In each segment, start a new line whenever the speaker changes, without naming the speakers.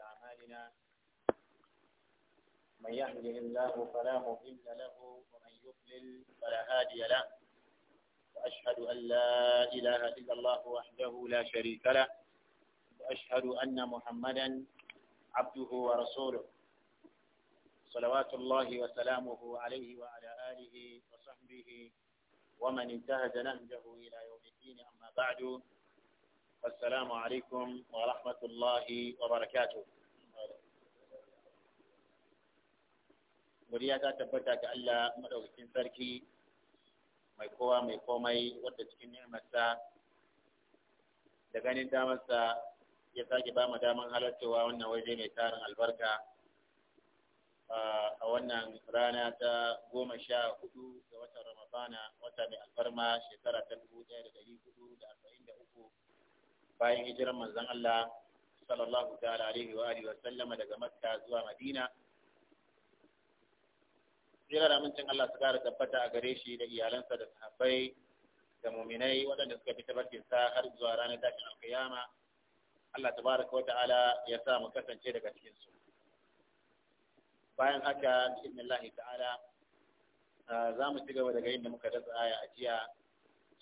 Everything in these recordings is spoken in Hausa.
أعمالنا
من يهده الله فلا مضل
له ومن يضلل فلا هادي له وأشهد أن لا إله إلا الله وحده لا شريك له وأشهد أن محمدا عبده ورسوله صلوات الله وسلامه عليه وعلى آله وصحبه ومن انتهز نهجه إلى يوم الدين أما بعد والسلام عليكم ورحمة الله وبركاته muriya ta tabbata ga Allah madaukakin sarki mai kowa mai komai wadda cikin ni'imarsa da ganin damarsa ya sake ba mu daman halartowa wannan waje mai tarin albarka ah, a wannan rana ta goma sha hudu ga watan ramadana wata mai alfarma shekara ta dubu ɗaya da ɗari hudu da arba'in da uku bayan hijiran manzon Allah sallallahu ta'ala alaihi wa alihi wa sallama daga Makka zuwa Madina jira da amincin Allah su kara tabbata a gare shi da iyalansa da sahabbai da muminai waɗanda suka fi tabbatin sa har zuwa ranar tashin alƙiyama. Allah tabaraka wa ta'ala ya sa mu kasance daga cikin su bayan haka bismillah ta'ala za mu ci gaba daga da muka dasa aya a jiya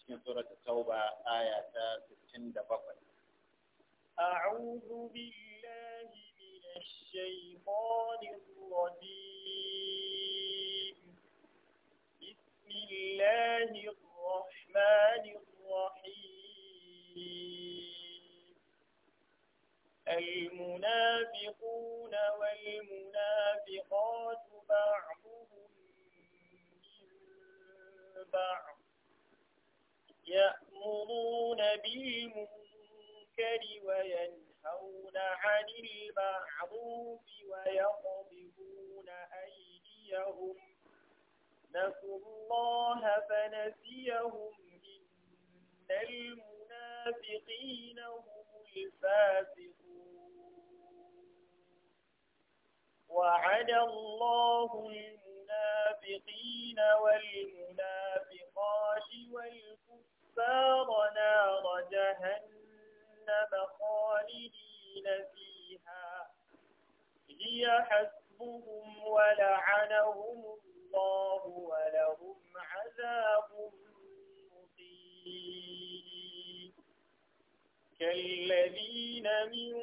cikin surat tauba aya ta 67
أعوذ بالله من الشيطان الرجيم بسم الله الرحمن الرحيم المنافقون والمنافقات بعضهم من بعض يأمرون بالمنافقين المنكر وينهون عن المعروف ويقبضون أيديهم نسوا الله فنسيهم إن المنافقين هم الفاسقون وعد الله المنافقين والمنافقات والكفار نار جهنم جهنم خالدين فيها هي حسبهم ولعنهم الله ولهم عذاب كالذين من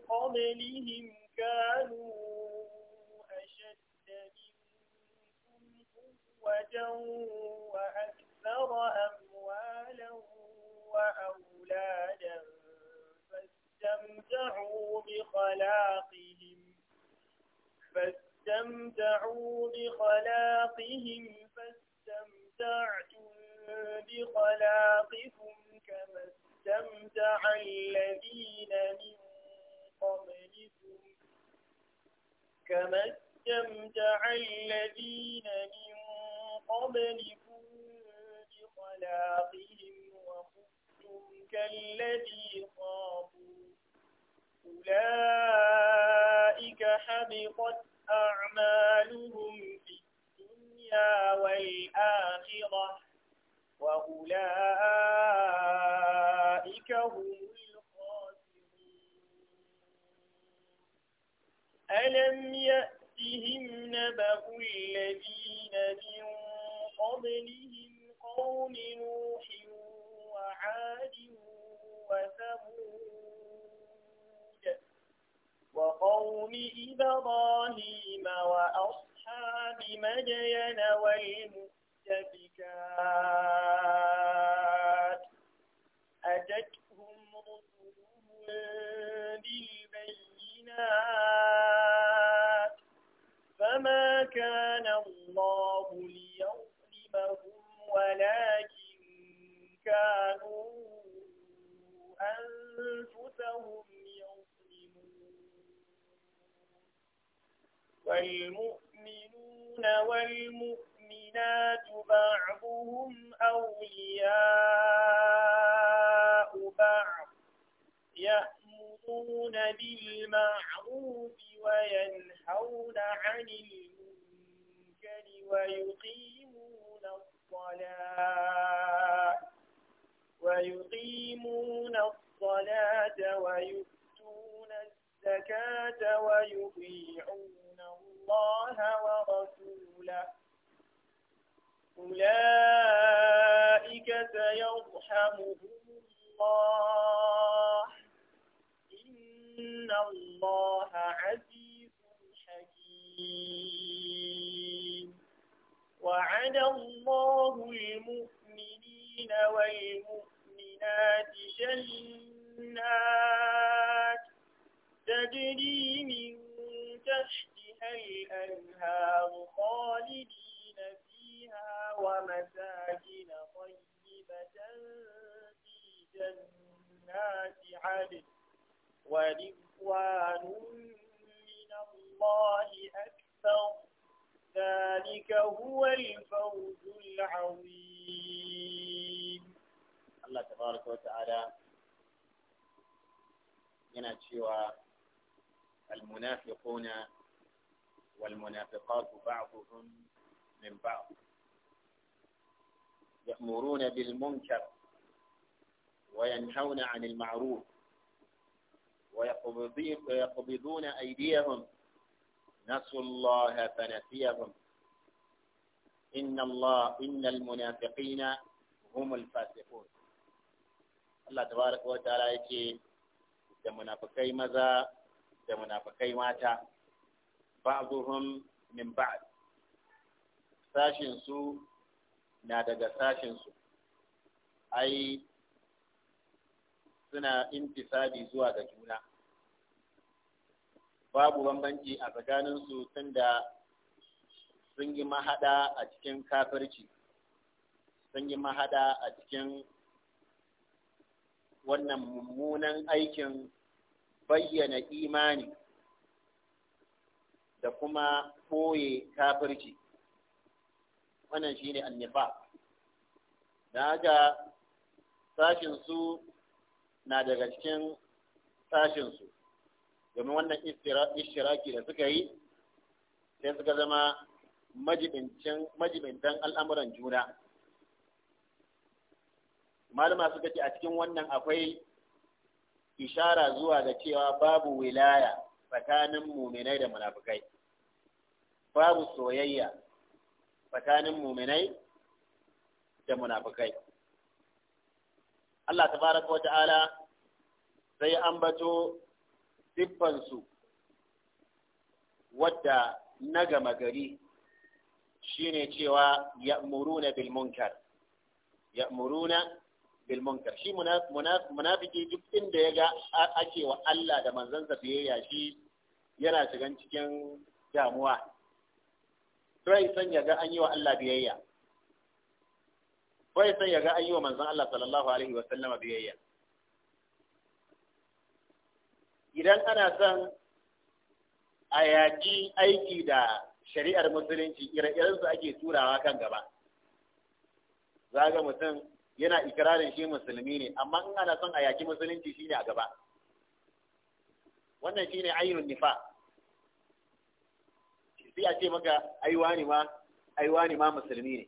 قبلهم كانوا أشد منكم قوة وأكثر أموالا وأولادا فاستمتعوا بخلاقهم فاستمتعوا بخلاقهم فاستمتعتم بخلاقكم كما استمتع الذين من قبلكم كما استمتع الذين من قبلكم بخلاقهم وخذتم كالذي خابوا أولئك حبطت أعمالهم في الدنيا والآخرة وأولئك هم الخاسرون ألم يأتهم نبأ الذين من قبلهم قوم نوح وعاد وثمود وقوم إبراهيم وأصحاب مدين والمؤتفكات أتتهم رسلهم بالبينات
فما كان
الله ليظلمهم ولكن كانوا أنفسهم والمؤمنون والمؤمنات بعضهم أولياء بعض يأمرون بالمعروف وينهون عن المنكر ويقيمون الصلاة ويقيمون الصلاة ويؤمنون الزكاة ويطيعون الله ورسوله أولئك سيرحمهم الله إن الله عزيز حكيم وعد الله المؤمنين والمؤمنات جنات عاد ورضوان من الله أكثر ذلك هو الفوز
العظيم الله تبارك وتعالى ينشئ المنافقون والمنافقات بعضهم من بعض يأمرون بالمنكر وينهون عن المعروف ويقبضون أيديهم نسوا الله فنسيهم إن الله إن المنافقين هم الفاسقون الله تبارك وتعالى يكي دمنا فكي مزا دمنا فكي ماتا بعضهم من بعد ساشن سو نادد ساشن سو أي سنة انتصادي زوا دجونا babu bambanci a tsakaninsu tunda sun yi mahada a cikin kafirci sun yi mahada a cikin wannan mummunan aikin bayyana imani da kuma ɓoye kafirci wannan ne annifa da haka sashinsu na daga cikin sashinsu domin wannan ishtiraki da suka yi sai suka zama majibintan al'amuran juna malama suka ce a cikin wannan akwai ishara zuwa da cewa babu wilaya tsakanin muminai da munafukai babu soyayya tsakanin muminai da munafukai Allah ta fara ta'ala sai an bato. siffansu wadda na gama gari shi ne cewa ya muruna munkar ya muruna munkar shi munafiki duk inda ya ga ake wa Allah da manzansa biyayya shi yana shigan cikin damuwa bai san ya ga an yi wa Allah biyayya bai san ya ga an yi wa manzon Allah sallallahu alaihi wa sallama biyayya idan ana son a yaƙi aiki da shari'ar musulunci ire-iren su ake turawa kan gaba za ga mutum yana ikirarin shi musulmi ne amma in ana son a yaƙi musulunci shine a gaba wannan shine ayyun nifa sai a ce maka aiwani ma ma musulmi ne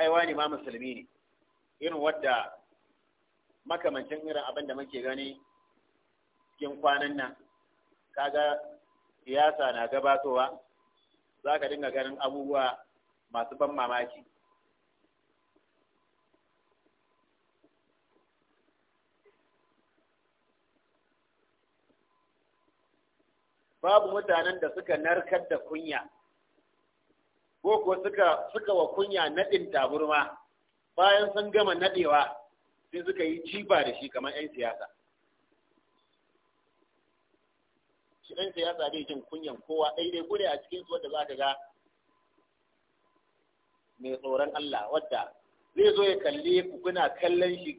ne ma musulmi ne irin wadda makamancin irin abin da muke gani cikin kwanan nan kaga siyasa na gabatowa za ka dinga ganin abubuwa masu ban mamaki babu mutanen da suka narkar da kunya ko kuwa suka wa kunya naɗin taburma bayan sun gama naɗewa sai suka yi jiba da shi kamar 'yan siyasa shi ɗan siyasa dai jin kunyan kowa ɗai dai gure a cikin su wadda za ka ga mai tsoron Allah wadda zai zo ya kalle ku kuna kallon shi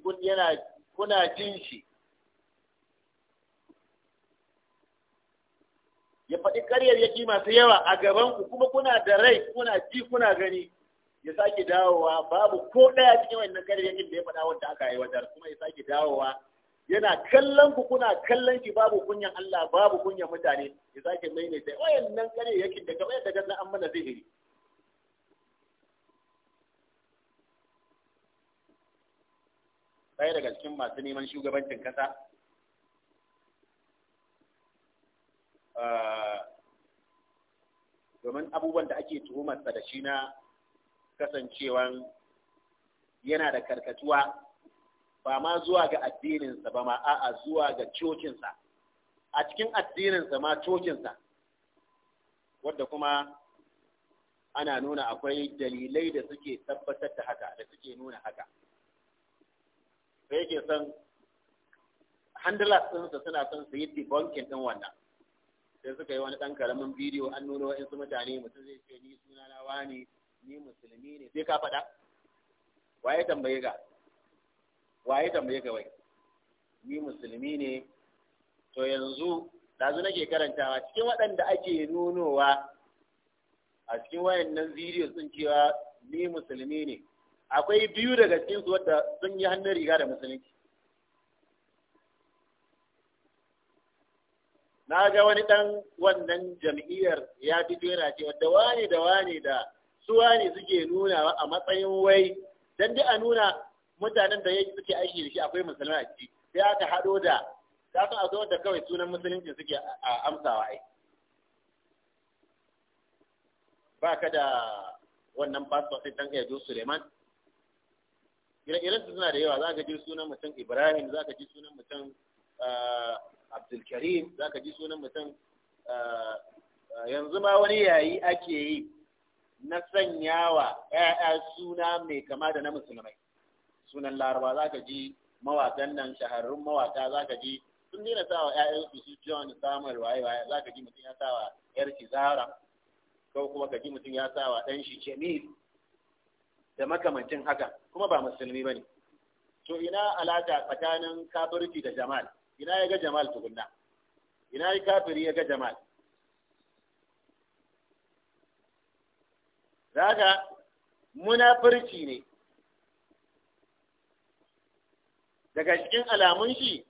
kuna jin shi ya faɗi ƙaryar yaki masu yawa a gaban ku kuma kuna da rai kuna ji kuna gani ya sake dawowa babu ko ɗaya cikin wannan karyakin da ya faɗa wanda aka wajar kuma ya sake dawowa yana kallon ku kuna kallon ki, babu kunyan Allah babu kunyan mutane ya sake maimaita wayannan karyakin da kamar yadda ganna an mana zihiri ɗaya daga cikin masu neman shugabancin kasa ah, domin abubuwan da ake tuhumarsa da shi na kasancewan yana da karkatuwa ba ma zuwa ga addininsa ba ma a'a zuwa ga cocinsa a cikin addininsa ma cocinsa wadda kuma ana nuna akwai dalilai da suke tabbatar da haka da suke nuna haka sai yake son handlers ɗinsa suna son su yi debunking ɗin wannan sai suka yi wani ɗan karamin bidiyo an nuna wa'insu mutane mutum zai ce ni suna na wani ni musulmi ne sai ka faɗa waye tambaye ka waye tambaye ka wai ni musulmi ne to yanzu dazu nake karantawa cikin waɗanda ake nunowa a cikin wayannan videos sun cewa ni musulmi ne akwai biyu daga cikin su wadda sun yi hannun riga da musulunci na ga wani ɗan wannan jam'iyyar ya fito yana cewa da wane da wane da suwa ne suke nuna a matsayin wai dan dai a nuna mutanen da yake suke aiki da shi akwai musulmai a ciki sai aka hado da ka san akwai wanda kawai sunan musulunci suke amsawa ai ba ka da wannan pastor sai dan Ejo Suleiman ire-iren su suna da yawa za ka ji sunan mutum Ibrahim za ka ji sunan mutum eh, Abdul Karim za ka ji sunan mutum eh, eh, yanzu ma wani yayi ake yi na sanya wa ‘ya'ya suna mai kama da na musulmai sunan laraba za ka ji mawasan nan shahararrun mawasa za ka ji sun nuna sawa ‘ya'yan su su john samuel waye waye za ka ji mutum ya sawa ‘yar shi zara ko kuma ka ji mutum ya sawa ɗan shi jamil da makamancin haka kuma ba musulmi ba ne to ina alaƙa tsakanin kafirci da jamal ina ya ga jamal tukunna ina kafiri ya ga jamal daga munafurci ne daga cikin alamun shi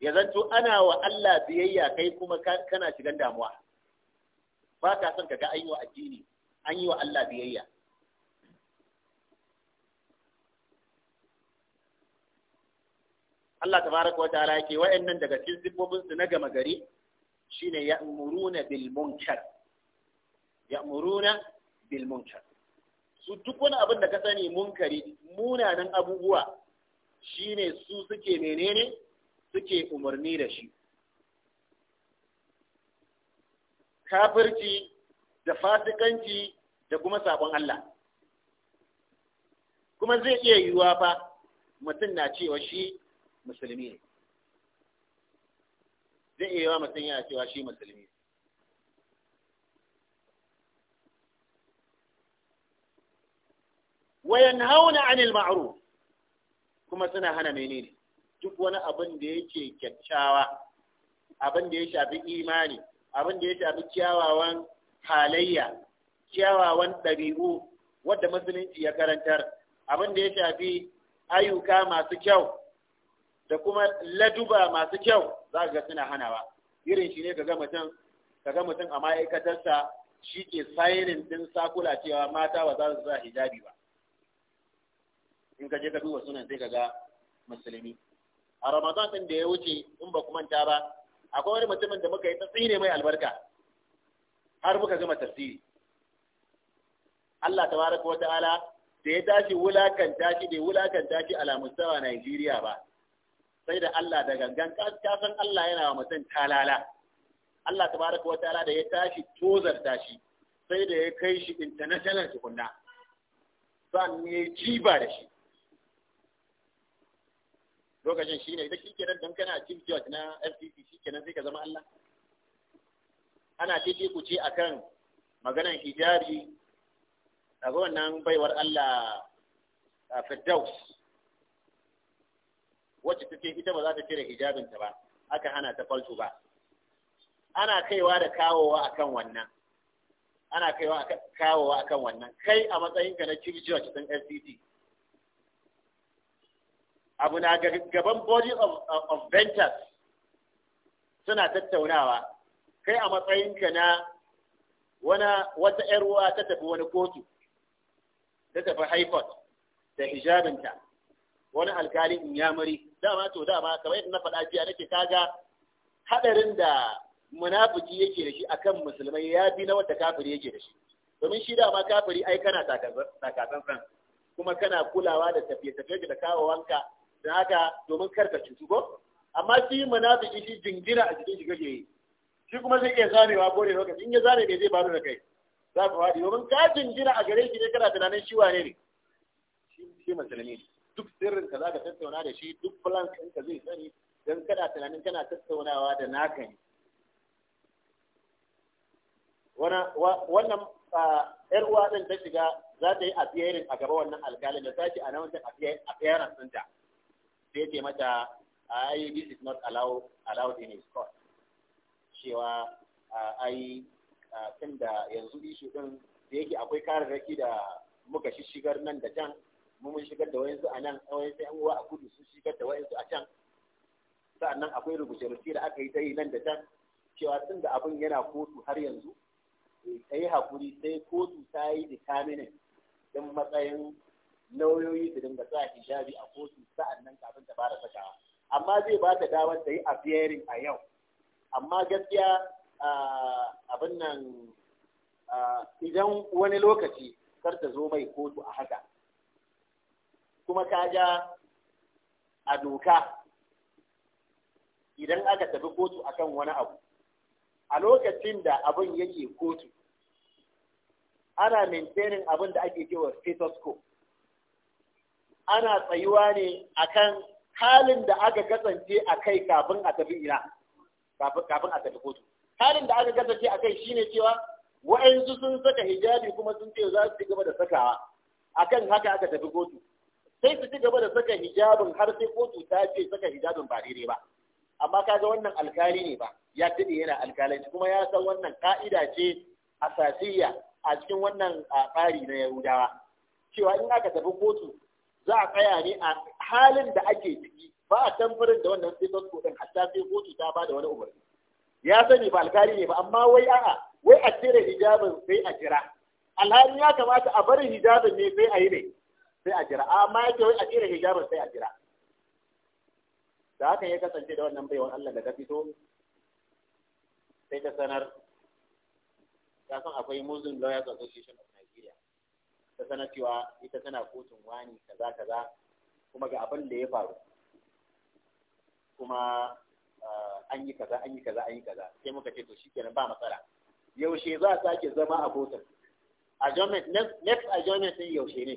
ya zanto ana wa Allah biyayya kai kuma kana shigan damuwa ba ka son kaga an yi wa addini an yi wa Allah biyayya Allah tabaraka wata'ala yake wa'annan daga cikin sifofin su na gama gari shine ya'muruna bil munkar ya'muruna bil munkar su duk wani abin da ka sani munkari munanan abubuwa shine su suke menene suke umarni da shi kafirci da fasikanci da kuma sabon Allah kuma zai iya yiwuwa fa mutum na cewa shi musulmi ne zai iya yiwuwa mutum yana cewa shi musulmi ne وينهون عن المعروف kuma suna hana menene duk wani abin da yake kyakkyawa abin da ya shafi imani abin da ya shafi kyawawan halayya kyawawan ɗabi'u wadda musulunci ya karantar abin da ya shafi ayyuka masu kyau da kuma laduba masu kyau za ga suna hanawa irin shi ne kaga mutum kaga mutum a ma'aikatarsa shi ke sainin din sakula cewa mata ba za su sa hijabi ba in ka je ka duba sunan sai ka ga musulmi a ramadan din da ya wuce in ba ku manta ba akwai wani mutumin da muka yi tsire mai albarka har muka gama tafsiri Allah tabaraka wa ta'ala da ya tashi wulakanta shi da wulakanta shi ala mustawa Najeriya ba sai da Allah da gangan kasan Allah yana wa mutum talala Allah tabaraka wa ta'ala da ya tashi tozar tashi, sai da ya kai shi international tukunna sannan ya jiba da shi lokacin shi ne idan shi kenan don kana cin judge na FCC shi kenan sai ka zama Allah ana titi ku ce akan maganan hijabi a ga wannan baiwar Allah a Firdaus wacce ta ce ita ba za ta cire hijabinta ba aka hana ta falsu ba ana kaiwa da kawowa akan wannan ana kaiwa kawowa akan wannan kai a matsayinka na chief judge din FCC abu na gaban body of, of, ventures suna tattaunawa kai a matsayinka na wana wata ‘yarwa ta tafi wani kotu ta tafi haifot da hijabinta wani alkali in yamuri dama to dama kamar yadda na faɗa jiya nake kaga haɗarin da munafiki yake da shi akan musulmai ya bi na wata kafiri yake da shi domin shi dama kafiri ai kana takatsantsan kuma kana kulawa da tafiye-tafiye da kawowanka da haka domin karka cutu ko amma shi munafiki shi jingina a cikin shi gaje shi kuma zai iya zamewa ko da lokaci in ya zane bai zai baro da kai za ka faɗi domin ka jingina a gare shi ne kana tunanin shi wane ne shi musulmi duk sirrin ka za ka tattauna da shi duk plan ka zai sani don kana tunanin kana tattaunawa da naka ne wannan yar uwa din ta shiga za ta yi a a gaba wannan alkalin da ta ce a nan wancan a fiyarin ta. sai ce mata ai this is not allowed allowed in his court cewa ah, ai ah, tunda yanzu ishu din da yake akwai kararraki da muka shigar nan da can mun shigar da wayansu a nan wayansu an uwa a kudu sun shigar da wayansu a can sa'annan akwai rubuce-rubuce da aka yi ta yi nan da can cewa tun da abin yana kotu har yanzu ta eh, yi hakuri sai kotu ta yi determining din matsayin lauyoyi su dinga sa hijabi a kotu sa'an nan kafin ta fara sakawa amma zai ba ta damar ta yi a appearing a yau amma gaskiya abin nan idan wani lokaci kar ta zo mai kotu a haka kuma ka ja a doka idan aka tafi kotu akan wani abu a lokacin da abin yake kotu ana maintaining abin da ake cewa status quo ana tsayuwa ne akan halin da aka kasance a kai kafin a tafi ina kafin a tafi kotu halin da aka kasance a kai shine cewa wa'ansu sun saka hijabi kuma sun ce za su ci gaba da sakawa akan haka aka tafi kotu sai su ci gaba da saka hijabin har sai kotu ta ce saka hijabin ba daidai ba amma kaga wannan alkali ne ba ya tade yana alkalanci kuma ya san wannan ka'ida ce asasiya a cikin wannan tsari na yahudawa cewa in aka tafi kotu za a tsaya ne a halin da ake ciki ba a tamfarin da wannan status ko din hatta sai kotu ta ba da wani umarni ya sani ba alkali ne ba amma wai a'a wai a cire hijabin sai a jira alhali ya kamata a bar hijabin ne sai a yi ne sai a jira amma yake wai a cire hijabin sai a jira da haka ya kasance da wannan baiwan Allah da ta fito sai ta sanar ta san akwai Muslim Lawyers Association of ta sana cewa ita tana kotun wani kaza kaza kuma ga abin da ya faru kuma ah, an yi kaza an yi kaza an yi kaza sai muka ce to shikenan ba matsala yaushe za a sake zama a kotun adjournment next adjournment din yaushe ne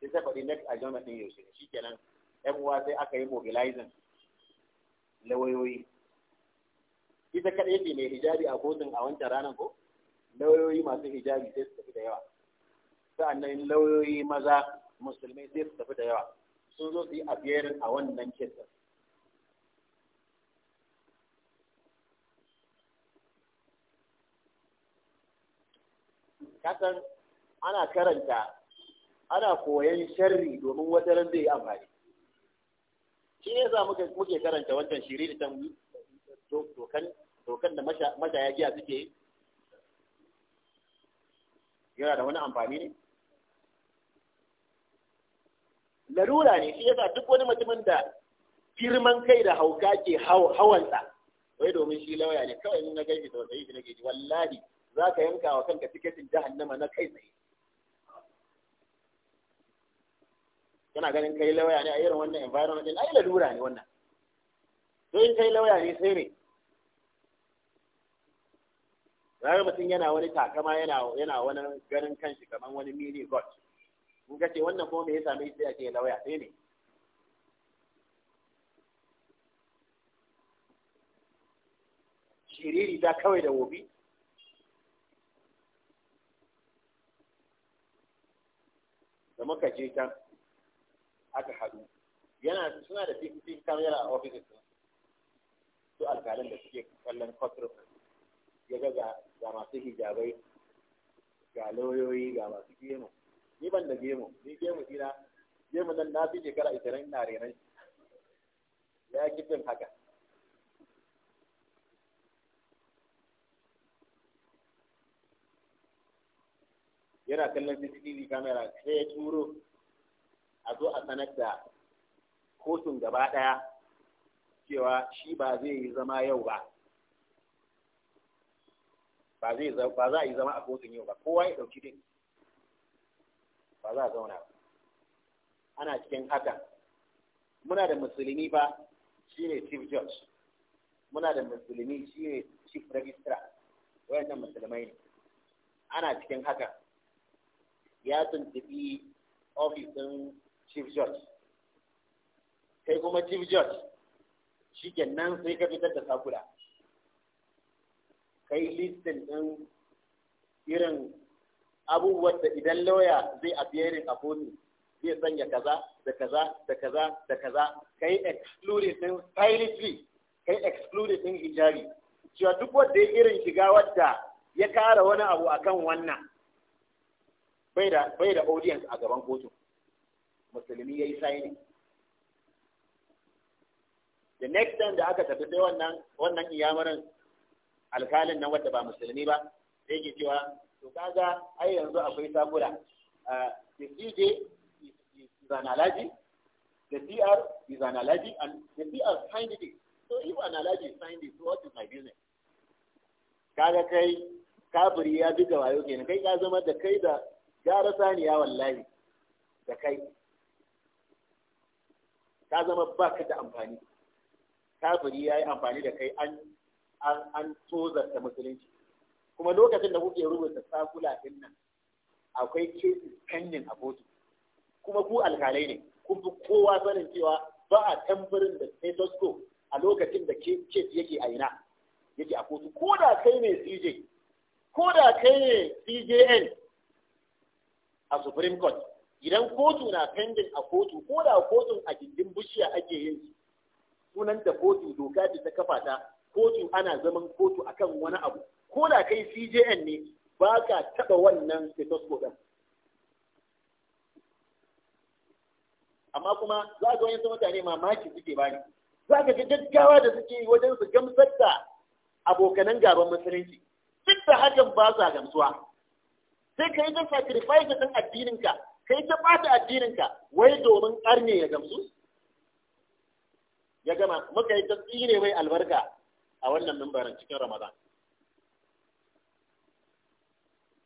sai ta faɗi next adjournment din yaushe ne shikenan yan uwa sai aka yi mobilizing lawayoyi ita kaɗai ce mai hijabi a kotun a wancan ranar ko lawayoyi masu hijabi sai su tafi da yawa sa'annan lauyoyi maza musulmai sai su tafi da yawa sun zo su yi abiyarin a wannan kesa kasan ana karanta ana koyan sharri domin wata ran zai yi amfani shi ne za muke karanta wancan shiri da tan dokan da mashaya giya suke yana da wani amfani ne larura ne shi yasa duk wani mutumin da girman kai da hauka ke hawansa wai domin shi lauya ne kawai in na gaji da wani na gaji wallahi za ka yanka wa kanka tiketin jahannama na kai tsaye
kana ganin kai lauya ne a irin
wannan environment din ai larura ne wannan to in kai lauya ne sai ne Rayar mutum yana wani takama yana wani ganin kanshi kamar wani mini god in ka ce wannan kuma me ya sami shi sai a ce lauya sai ne shiriri ta kawai da wobi da muka je can aka haɗu yana suna da kan camera a ofisit su alkalin da suke kallon kwatro ya ga ga masu hijabai ga lauyoyi ga masu gino. ni ban da gemu ni gemu ina gemu nan na fi shekara ishirin na renan ya kifin haka yana kallon CCTV camera sai ya turo a zo a sanar da kotun gaba daya cewa shi ba zai yi zama yau ba ba za a yi zama a kotun yau ba kowa ya ɗauki din ba za a zauna ba ana cikin haka muna da musulmi ba shine chief judge muna da musulmi shine chief registrar wayannan musulmai ne ana cikin haka ya tuntubi ofisin chief judge kai kuma chief judge shi nan sai ka fitar da sakula kai listin ɗin irin abubuwan da idan lauya zai appearing a kotu zai sanya kaza da kaza da kaza da kaza kai excluded din silently kai excluded din hijabi cewa duk wanda ya irin shiga wadda ya kara wani abu akan wannan bai da bai da audience a gaban kotu musulmi yayi signing the next time da aka tafi sai wannan wannan iyamarin alkalin nan wadda ba musulmi ba sai ke cewa to kaga ai yanzu akwai takura the CJ is, is, an allergy, the CR is an allergy, and the CR signed it. So if an allergy signed it, what is my business? Kaga kai kaburi ya duka wayo kenan kai ka zama da kai da gara saniya wallahi da kai ka zama ba ka da amfani kafiri ya yi amfani da kai an an da musulunci kuma lokacin da kuke rubuta sakula din nan akwai cases pending a kotu kuma ku alkalai ne kun fi kowa sanin cewa ba a tambarin da status quo a lokacin da case yake a ina yake a kotu ko da kai ne CJ ko da kai ne CJN a Supreme Court idan kotu na pending a kotu ko da kotun a gindin bishiya ake yin sunan da kotu doka ta kafa ta kotu ana zaman kotu akan wani abu ko da kai CJN ne ba ka taɓa wannan stethoscope ɗin amma kuma za ga wani mutane mamaki suke bani za ka ga gaggawa da suke wajen su gamsar da abokanan gaban musulunci duk da hakan ba sa gamsuwa sai ka yi ta sacrifice din addininka ka yi ta ɓata addininka wai domin arne ya gamsu ya gama muka yi ta tsire mai albarka a wannan mimbarin cikin ramadan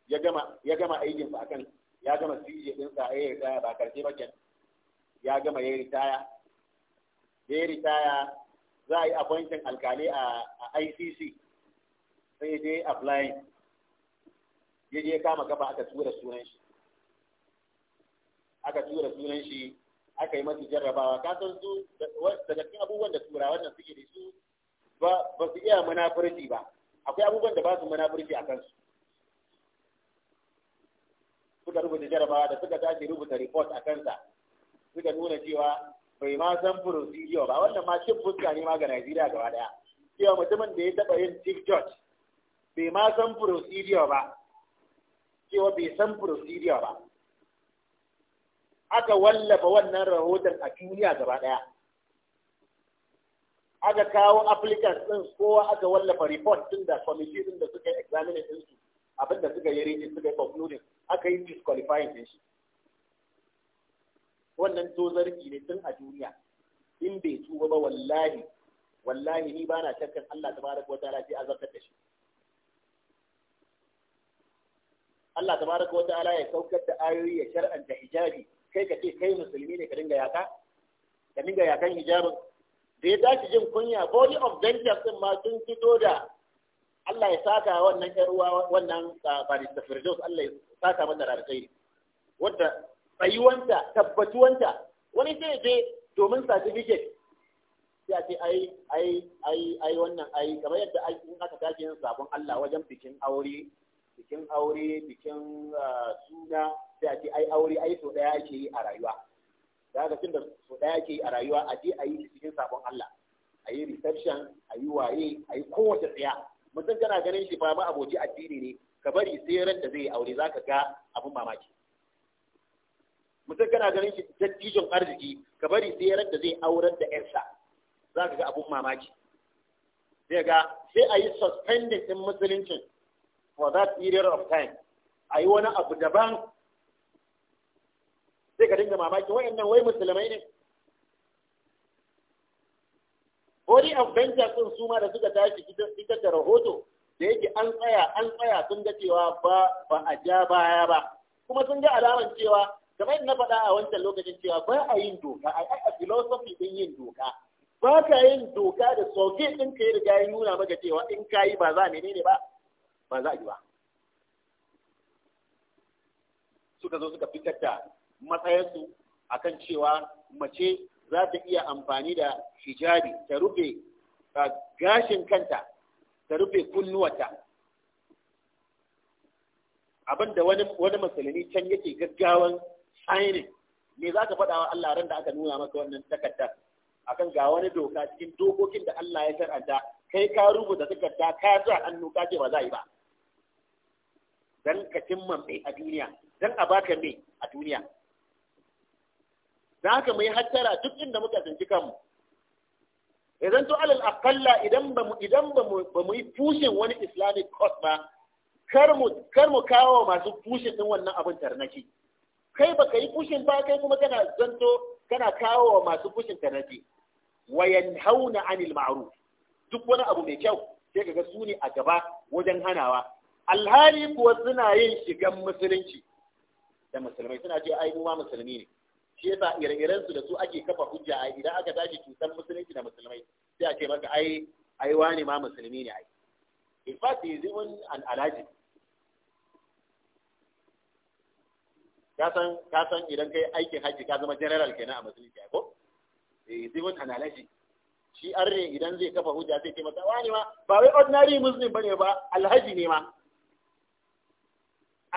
ya gama ya gama aikin sa akan ya gama sije din sa ya ritaya ba karshe ba ke ya gama ya ritaya ya ritaya za a yi appointin alkali a ICC sai dai applying ya je kama kafa aka tura sunan shi aka tura sunan shi aka yi masu jarrabawa kasan su daga cikin abubuwan da turawa wannan suke da su ba su iya munafurci ba akwai abubuwan da ba su munafurci a kansu suka rubuta jarabawa da suka tashi rubuta report a kansa suka nuna cewa bai ma san procedure ba wannan ma cin fuska ne ma ga Najeriya gaba daya cewa mutumin da ya taba yin chief judge bai ma san procedure ba cewa bai san procedure ba aka wallafa wannan rahoton a duniya gaba daya aka kawo applicants din kowa aka wallafa report din da committee din da suka yi examining din su abin da suka yi rating suka yi concluding aka yi disqualifying din shi wannan tozarki ne tun a duniya in bai tuba ba wallahi wallahi ni ba na shakkan Allah tabaraka wa ta'ala sai azabtar da shi Allah tabaraka wa ta'ala ya saukar da ayoyi ya shar'anta hijabi kai ka ce kai musulmi ne ka dinga yaka ka dinga yakan hijabin da ya dace jin kunya body of vengeance din ma sun fito da Allah ya saka wannan ƴar uwa wannan barista Firdaus Allah ya saka mata da alkhairi wanda tsayuwanta tabbatuwanta wani sai je domin certificate sai a ce ai ai ai ai wannan ai kamar yadda in aka tashi yin sabon Allah wajen bikin aure bikin aure bikin suna sai a ce ai aure ai to daya ake yi a rayuwa da haka tunda su daya ke a rayuwa a je a yi cikin sabon Allah a yi reception a yi waye a yi kowace tsaya mutum kana ganin shi ba ma addini ne ka bari sai ran da zai aure zaka ga abun mamaki mutum kana ganin shi dattijon arziki ka bari sai ran da zai aurar da yarsa zaka ga abun mamaki sai ga sai a yi suspending din musuluncin for that period of time a yi wani abu daban sai ka dinga mamaki wayannan wai musulmai ne Body of Vengeance sun suma da suka tashi fitar da rahoto da yake an tsaya an tsaya sun ga cewa ba ba a ja baya ba kuma sun ga alaman cewa kamar na faɗa a wancan lokacin cewa ba a yin doka a a philosophy din yin doka ba ka yin doka da soke din ka yi riga ya nuna maka cewa in ka yi ba za menene ba ba za a yi ba suka zo suka fitar da matsayarsu kan cewa mace za ta iya amfani da hijabi ta rufe gashin kanta ta rufe kunnuwata abinda wani wani musulmi can yake gaggawan signing ne za ka faɗa Allah ran da aka nuna maka wannan takardar akan ga wani doka cikin dokokin da Allah ya shar'anta kai ka rubuta takarda ka sa hannu ka ce ba za yi ba dan ka cimma mai a duniya dan a baka mai a duniya da haka mai hattara duk inda muka tsinci kanmu idan to alal aqalla idan ba mu idan ba mu yi pushin wani islamic cause ba kar mu kar mu kawo masu pushin din wannan abin tarnaki kai baka yi pushin ba kai kuma kana zanto kana kawo masu fushin tarnaki wa yanhauna anil ma'ruf duk wani abu mai kyau sai kaga su ne a gaba wajen hanawa alhali kuwa suna yin shigan musulunci da musulmai suna ce ai mu ma musulmi ne shi yasa ire-iren su da su ake kafa hujja a idan aka tashi cutar musulunci da musulmai sai a ce maka ai ai wani ma musulmi ne ai in fact is even an alaji ka san ka san idan kai aikin haji ka zama general kenan a musulunci ko is even an alaji shi arne idan zai kafa hujja sai ce maka wani ma ba wai ordinary muslim bane ba alhaji ne ma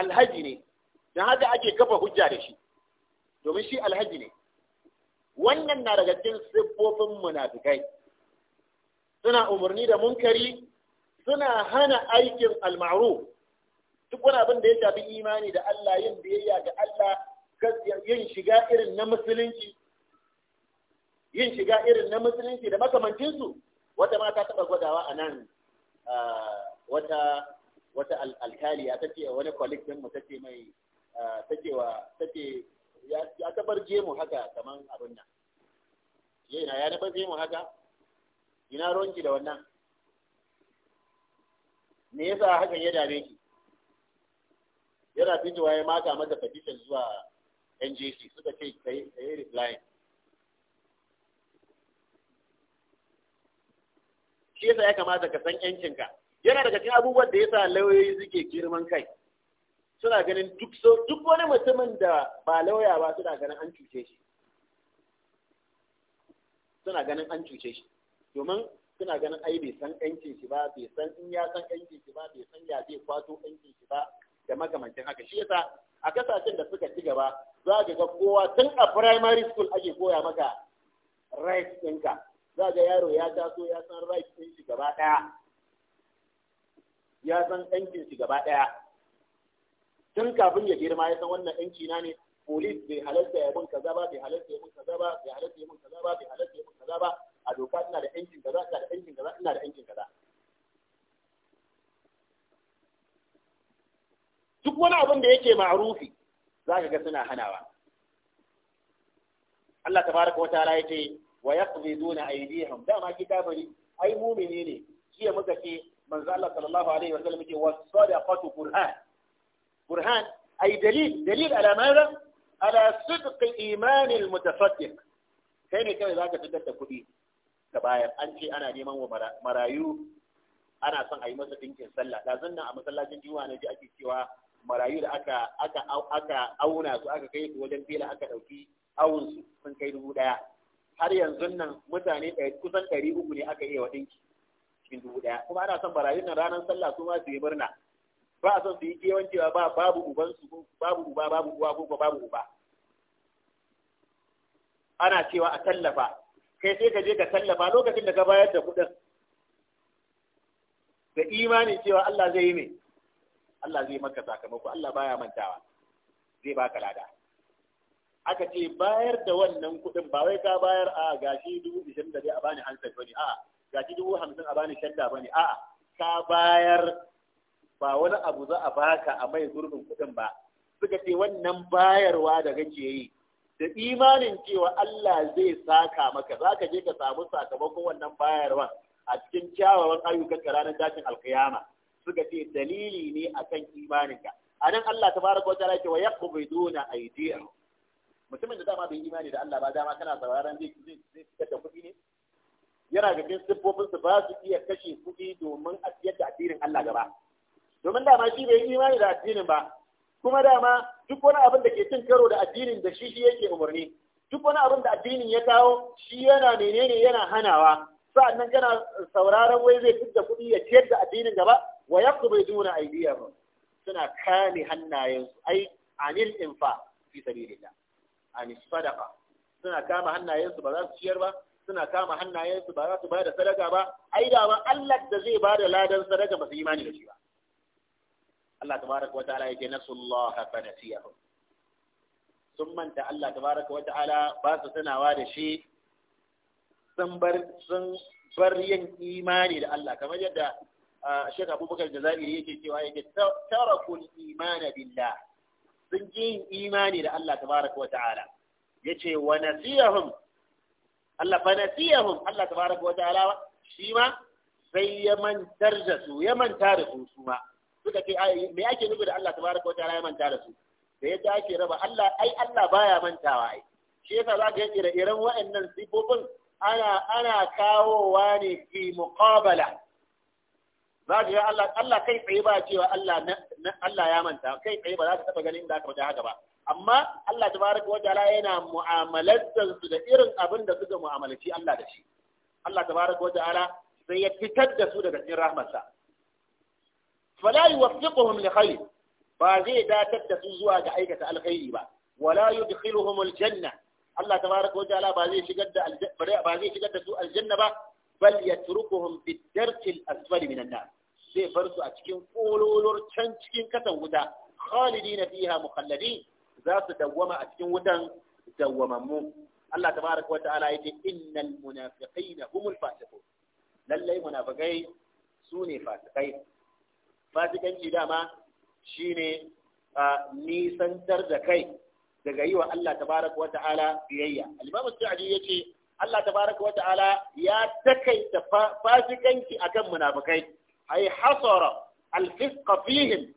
alhaji ne dan haka ake kafa hujja da shi domin shi alhaji ne wannan na daga cikin siffofin munafikai suna umarni da munkari suna hana aikin almaru duk wani abin da ya shafi imani da Allah yin biyayya ga Allah yin shiga irin na musulunci yin shiga irin na musulunci da makamancinsu wata mata taɓa gwadawa a nan wata wata alkaliya ta ce wani kwalikin mu ta ce mai ta ce wa ta ce ya tabar je mu haka kaman abin nan yana ya tabar je mu haka ina ronki da wannan me yasa hakan ya dame ki yana fitowa ya mata mata petition zuwa NJC suka ce kai kai reply shi yasa ya kamata ka san yancinka yana daga cikin abubuwan da yasa lauyoyi suke girman kai suna ganin duk so duk wani mutumin da ba lauya ba suna ganin an cuce shi suna ganin an cuce shi domin suna ganin ai bai san ƴancin shi ba bai san in ya san ƴancin shi ba bai san ya zai kwato ƴancin shi ba da makamancin haka shi yasa a kasashen da suka ci gaba za ka ga kowa tun a primary school ake koya maka right ɗinka za ga yaro ya taso ya san right ɗin shi gaba ɗaya ya san ƴancin shi gaba ɗaya tun kafin ya girma ya san wannan yanci na ne polis bai halarta ya mun kaza ba bai halarta ya mun kaza ba bai halarta ya mun kaza ba bai halarta ya mun kaza ba a doka ina da yancin kaza ina da yancin kaza ina da yancin kaza duk wani abin da yake ma'rufi za ka ga suna hanawa Allah ta ce wa ta'ala yace wa yaqbiduna aydihim dama kitabari ai mu'mini ne jiya muka ce manzo Allah sallallahu alaihi wa sallam yake da sadaqatu qur'an برهان أي دليل دليل على ماذا؟ على صدق إيمان المتصدق كيف كما إذا كنت كبير تباير أنت أنا نيمان ومرايو أنا صنع أي مسا تنكين سلا لازلنا أما سلا جنجوا أنا جاء سوا مرايو لأكا أكا أو أكا auna su أكا كيف su wajen fela aka ɗauki awun من كيف kai dubu har yanzu nan mutane kusan ɗari uku ne aka yi wa ɗinki cikin dubu ɗaya kuma ana son barayin nan ranar sallah su ma su yi murna ba a son su yi kewan cewa ba babu uban su babu uba babu uwa ko babu uba ana cewa a tallafa kai sai ka je ka tallafa lokacin da ka bayar da kuɗin da imanin cewa Allah zai yi ne Allah zai maka sakamako Allah baya mantawa zai baka lada aka ce bayar da wannan kuɗin ba wai ka bayar a gashi dubu ishirin da zai a bani hansar bane a'a gashi dubu hamsin a bani shadda bane a'a ka bayar ba wani abu za a baka a mai gurbin kudin ba suka ce wannan bayarwa da kake yi da imanin cewa Allah zai saka maka za ka je ka samu sakamakon wannan bayarwa a cikin kyawawan ayyukan ka ranar dakin alkiyama suka ce dalili ne akan imaninka a nan Allah tabaraka wa ta'ala ce wa yaqbiduna aydiyahum mutumin da dama bai imani da Allah ba dama kana sauraron zai zai fitar da kuɗi ne yana ga cikin siffofin su ba su iya kashe kuɗi domin a siyar da addinin Allah gaba domin dama shi bai imani da addinin ba kuma dama duk wani abin da ke cin karo da addinin da shi shi yake umarni duk wani abin da addinin ya kawo shi yana menene yana hanawa sa'annan kana sauraron wai zai fitta kuɗi ya ciyar da addinin gaba wa yaqbi duna aydiyahum suna kame hannayensu ai anil infa fi sabilillah anis sadaqa suna kama hannayensu ba za su ciyar ba suna kama hannayensu ba za su bada sadaka ba ai da ba Allah da zai bada ladan sadaka ba su imani da shi ba Allah tabaraka wata'ala yake nasullaha fa nasiyahum sun manta Allah tabaraka wata'ala ba su sanawa da shi sun bar sun bar yin imani da Allah kamar yadda Sheikh Abubakar Jazairi yake cewa yake tarakul imana billah sun je yin imani da Allah tabaraka wata'ala yace wa nasiyahum Allah fa nasiyahum Allah tabaraka wata'ala shi ma sai ya mantar da su ya manta da su su ma suka ce ai me yake nufi da Allah tabaraka wataala ya manta da su da yadda ake raba Allah ai Allah baya mantawa ai shi yasa ka yi ire-iren waɗannan sifofin ana ana kawowa ne fi muqabala za ka ga Allah Allah kai tsaye ba cewa Allah na, Allah ya manta kai tsaye ba za ka taba ganin da aka haka ba amma Allah tabaraka wa ta'ala yana mu'amalar su da irin abin da suka mu'amalci Allah da shi Allah tabaraka wa ta'ala sai ya fitar da su daga cikin rahmarsa fala yuwaffiquhum li khair ba zai datar zuwa ga aikata alkhairi ba wala yudkhiluhum aljanna Allah tabaraka wa ta'ala ba zai shigar da ba zai shigar da su aljanna ba bal yatrukuhum bid darki al-asfal min an-nar zai bar su a cikin kololor can cikin kasan wuta khalidina fiha mukhalladin za su dawwama a cikin wutan dawwamammu Allah tabaraka wa ta'ala yace innal munafiqina humul fasiqun lallai munafiqai ne fasikai fasikanci dama shine nisantar da kai daga yi wa Allah tabaraka wa ta'ala biyayya al-imam sa'di yace Allah tabaraka wa ta'ala ya takaita fasikanci akan munafikai ay hasara al-fisq fihim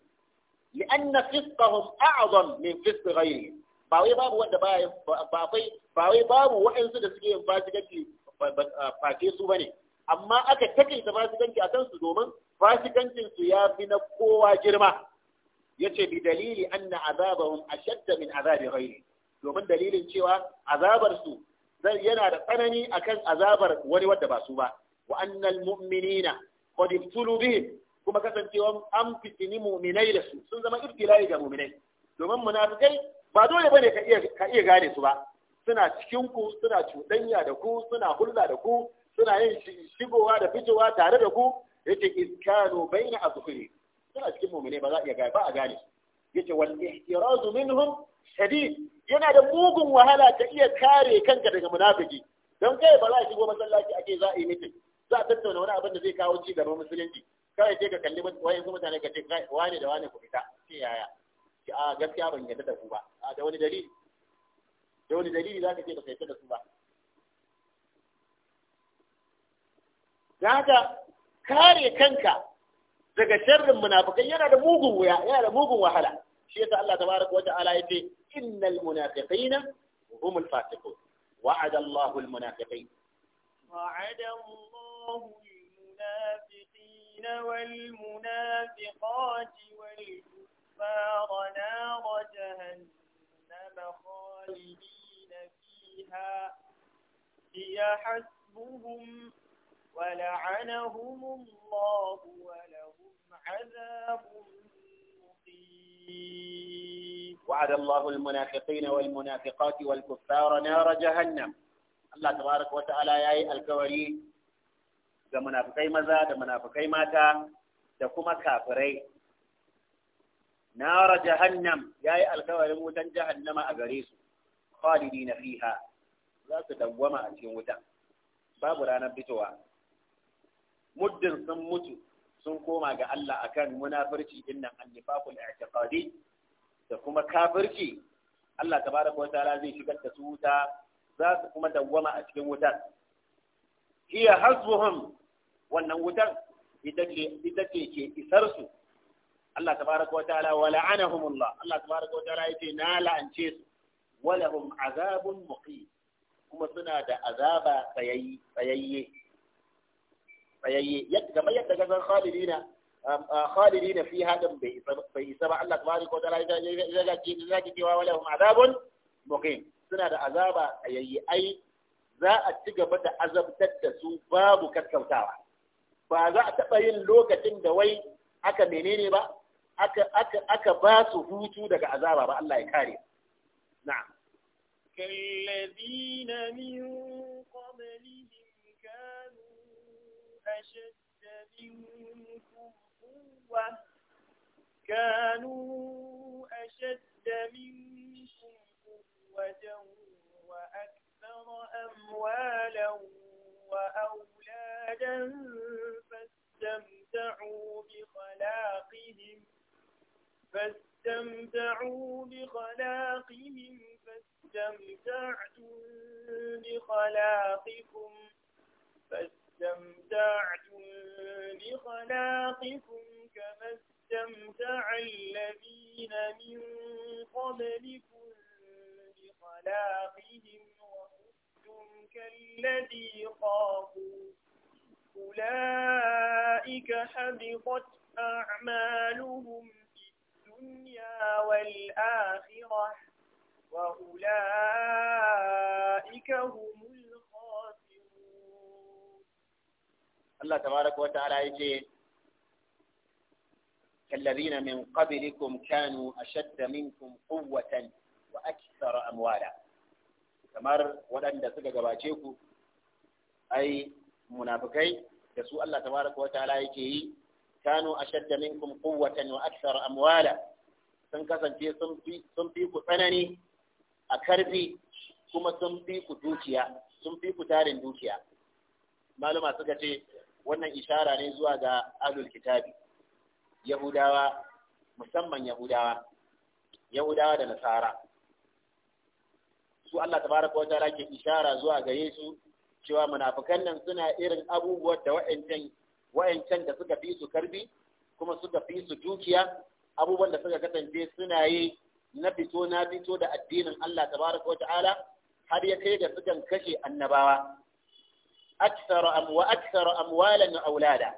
لأن فسقهم أعظم من فسق غيرهم ba wai babu wanda ba ba wai babu waɗansu da suke yin fasikanci face bane amma aka takaita fasikanci a kansu domin fasikancinsu ya fi na kowa girma ya ce bi dalili anna a ashadda min azabi ghairi domin dalilin cewa azabarsu yana da tsanani akan azabar wani wadda ba su ba wa annal mu'minina qad ibtulu bihim kuma kasancewa an fitini mu'minai da su sun zama ibtilai ga mu'minai domin munafikai ba dole bane ka iya ka iya gane su ba suna cikin ku suna cuɗanya da ku suna hulɗa da ku suna yin shigowa da fitowa tare da ku yace iskanu baina azhuri suna cikin mu'mine ba za iya gane ba a gane yace wal ihtiraz minhum shadid yana da mugun wahala ta iya kare kanka daga munafiki don kai ba za shigo masallaci ake za a yi mitin za a tattauna wani abin da zai kawo ci gaban musulunci kawai sai ka kalli wani su mutane ka ce wane da wane ku fita ce yaya a gaskiya ban yadda da ku ba da wani dalili da wani dalili za ka ce ba ka yarda da su ba da haka kare kanka daga sharrin munafikai yana da mugun wuya yana da mugun wahala shi yasa Allah tabaraka wa ta'ala yace innal munafiqina hum al fasiqun wa'ada Allah al munafiqin
wa'ada Allah al munafiqin wal munafiqat wal kuffar nar jahannam khalidin fiha hiya hasbuhum ولعنهم الله ولهم عذاب
مقيم وعد الله المنافقين والمنافقات والكفار نار جهنم الله تبارك وتعالى يا الكوري ga munafikai maza da munafikai mata da kuma kafirai nara jahannam yayi alkawarin wutan jahannama a gare su khalidina fiha za su dawwama a cikin wuta babu ranar fitowa muddin sun mutu sun koma ga Allah akan munafirci dinnan annifaqul i'tiqadi da kuma kafirci Allah tabaraka wataala zai shigar da su wuta za su kuma dawwama a cikin wutar hiya hazbuhum wannan wutar ita ce ke isar su Allah tabaraka wataala wa la'anahumullah Allah tabaraka wataala yace na la'ance su wa lahum azabun muqim kuma suna da azaba tsayayye tsayayye kamar yadda ga san khalidina khalidina fi hadan bai isa ba Allah tabaraka wa ta'ala ya ga ya ga cewa wala hum azabun muqim suna da azaba tsayayye ai za a ci gaba da azabtar da su babu kakkautawa ba za a taɓa yin lokacin da wai aka menene ba
aka aka aka ba su
hutu daga azaba ba Allah ya kare
na'am كالذين min قبلهم أشد منكم قوة كانوا أشد منكم قوة وأكثر أموالا وأولادا فاستمتعوا بخلاقهم فاستمتعوا بخلاقهم فاستمتعتم بخلاقكم فاستمتعوا استمتعتم بخلاقكم كما استمتع الذين من قبلكم بخلاقهم وخذتم كالذي خافوا أولئك حبطت أعمالهم في الدنيا والآخرة وأولئك هم الخاسرون
Allah tabaraka wa ta'ala yace kallazina min qablikum kanu ashadda minkum quwwatan wa akthara amwala kamar waɗanda suka gabace ku ai munafikai da su Allah tabaraka wa ta'ala yake yi kanu ashadda minkum quwwatan wa akthara amwala sun kasance sun fi sun fi ku tsanani a karfi kuma sun fi ku dukiya sun fi ku tarin dukiya maluma suka ce wannan ishara ne zuwa ga ahlul kitabi yahudawa musamman yahudawa yahudawa da nasara su Allah tabaraka wataala ke ishara zuwa ga su cewa munafukan nan suna irin abubuwan da wa'ancan da suka fi su karbi kuma suka fi su dukiya abubuwan da suka kasance suna yi na fito na fito da addinin Allah tabaraka ta'ala har ya kai da sukan kashe annabawa akthara am wa amwalan aulada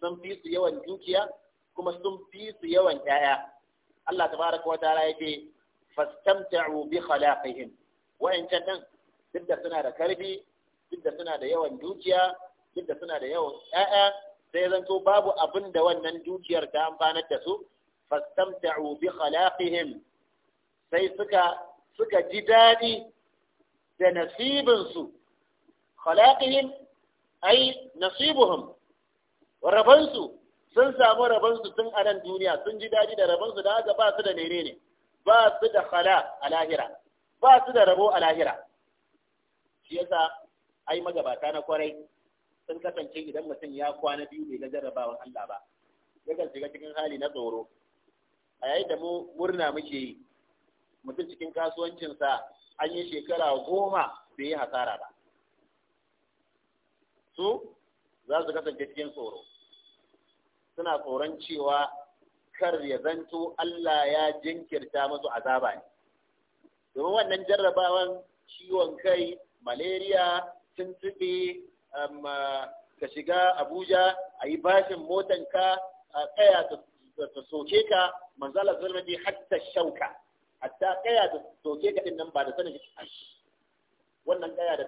sun fi su yawan dukiya kuma sun fi su yawan ɗaya. Allah ta wa ta'ala yace fastamta'u bi khalaqihim wa'ancan nan duk da suna da karfi, duk da suna da yawan dukiya duk da suna da yawan ɗaya, sai zanto babu abin da wannan dukiyar ta amfanar da su fastamta'u bi khalaqihim sai suka suka ji daɗi da nasibinsu khalaqihim ai nasibuhum rabansu sun samu rabansu tun a nan duniya sun ji daɗi da rabansu da haka ba su da nere ne ba su da khala a lahira ba su da rabo a lahira shi yasa ai magabata na kwarai sun kasance idan mutum ya kwana biyu bai ga jarrabawan Allah ba yakan shiga cikin hali na tsoro a yayin da mu murna muke yi mutum cikin kasuwancinsa an yi shekara goma bai yi hasara ba su za su kasance cikin tsoro suna tsoron cewa kar ya zanto Allah ya jinkirta musu azaba ne domin wannan jarrabawan ciwon kai malaria tuntuɓe um, uh, ka shiga abuja a yi bashin motanka a tsaya ta soke ka manzala ne hatta shauka hatta kaya ta soke ka din nan ba da sanin shi wannan kaya da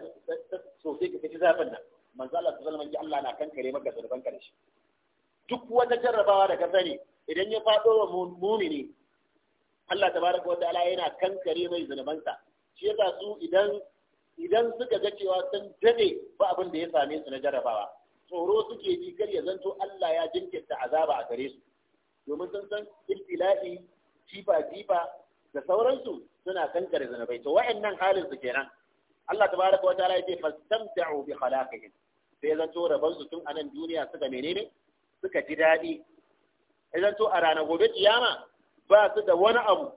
ta soke ka ta zafin nan manzala su zalman ji Allah na kan kare maka zurban karshe duk wata jarrabawa da ka sani idan ya fado wa mumini Allah tabaraka wa ta'ala yana kan kare mai sa shi yasa su idan idan suka ga cewa sun dade ba abin da ya same su na jarrabawa tsoro suke ji kar ya zanto Allah ya jinkirta azaba a gare su domin sun san ibtila'i jifa jifa da sauransu suna kan kare zunubai to wa'annan halin su kenan Allah tabaraka wa ta'ala yake fastamta'u bi khalaqihim sai zan to rabar su tun anan duniya suka menene suka ji daɗi sai zan to a ranar gobe kiyama ba su da wani abu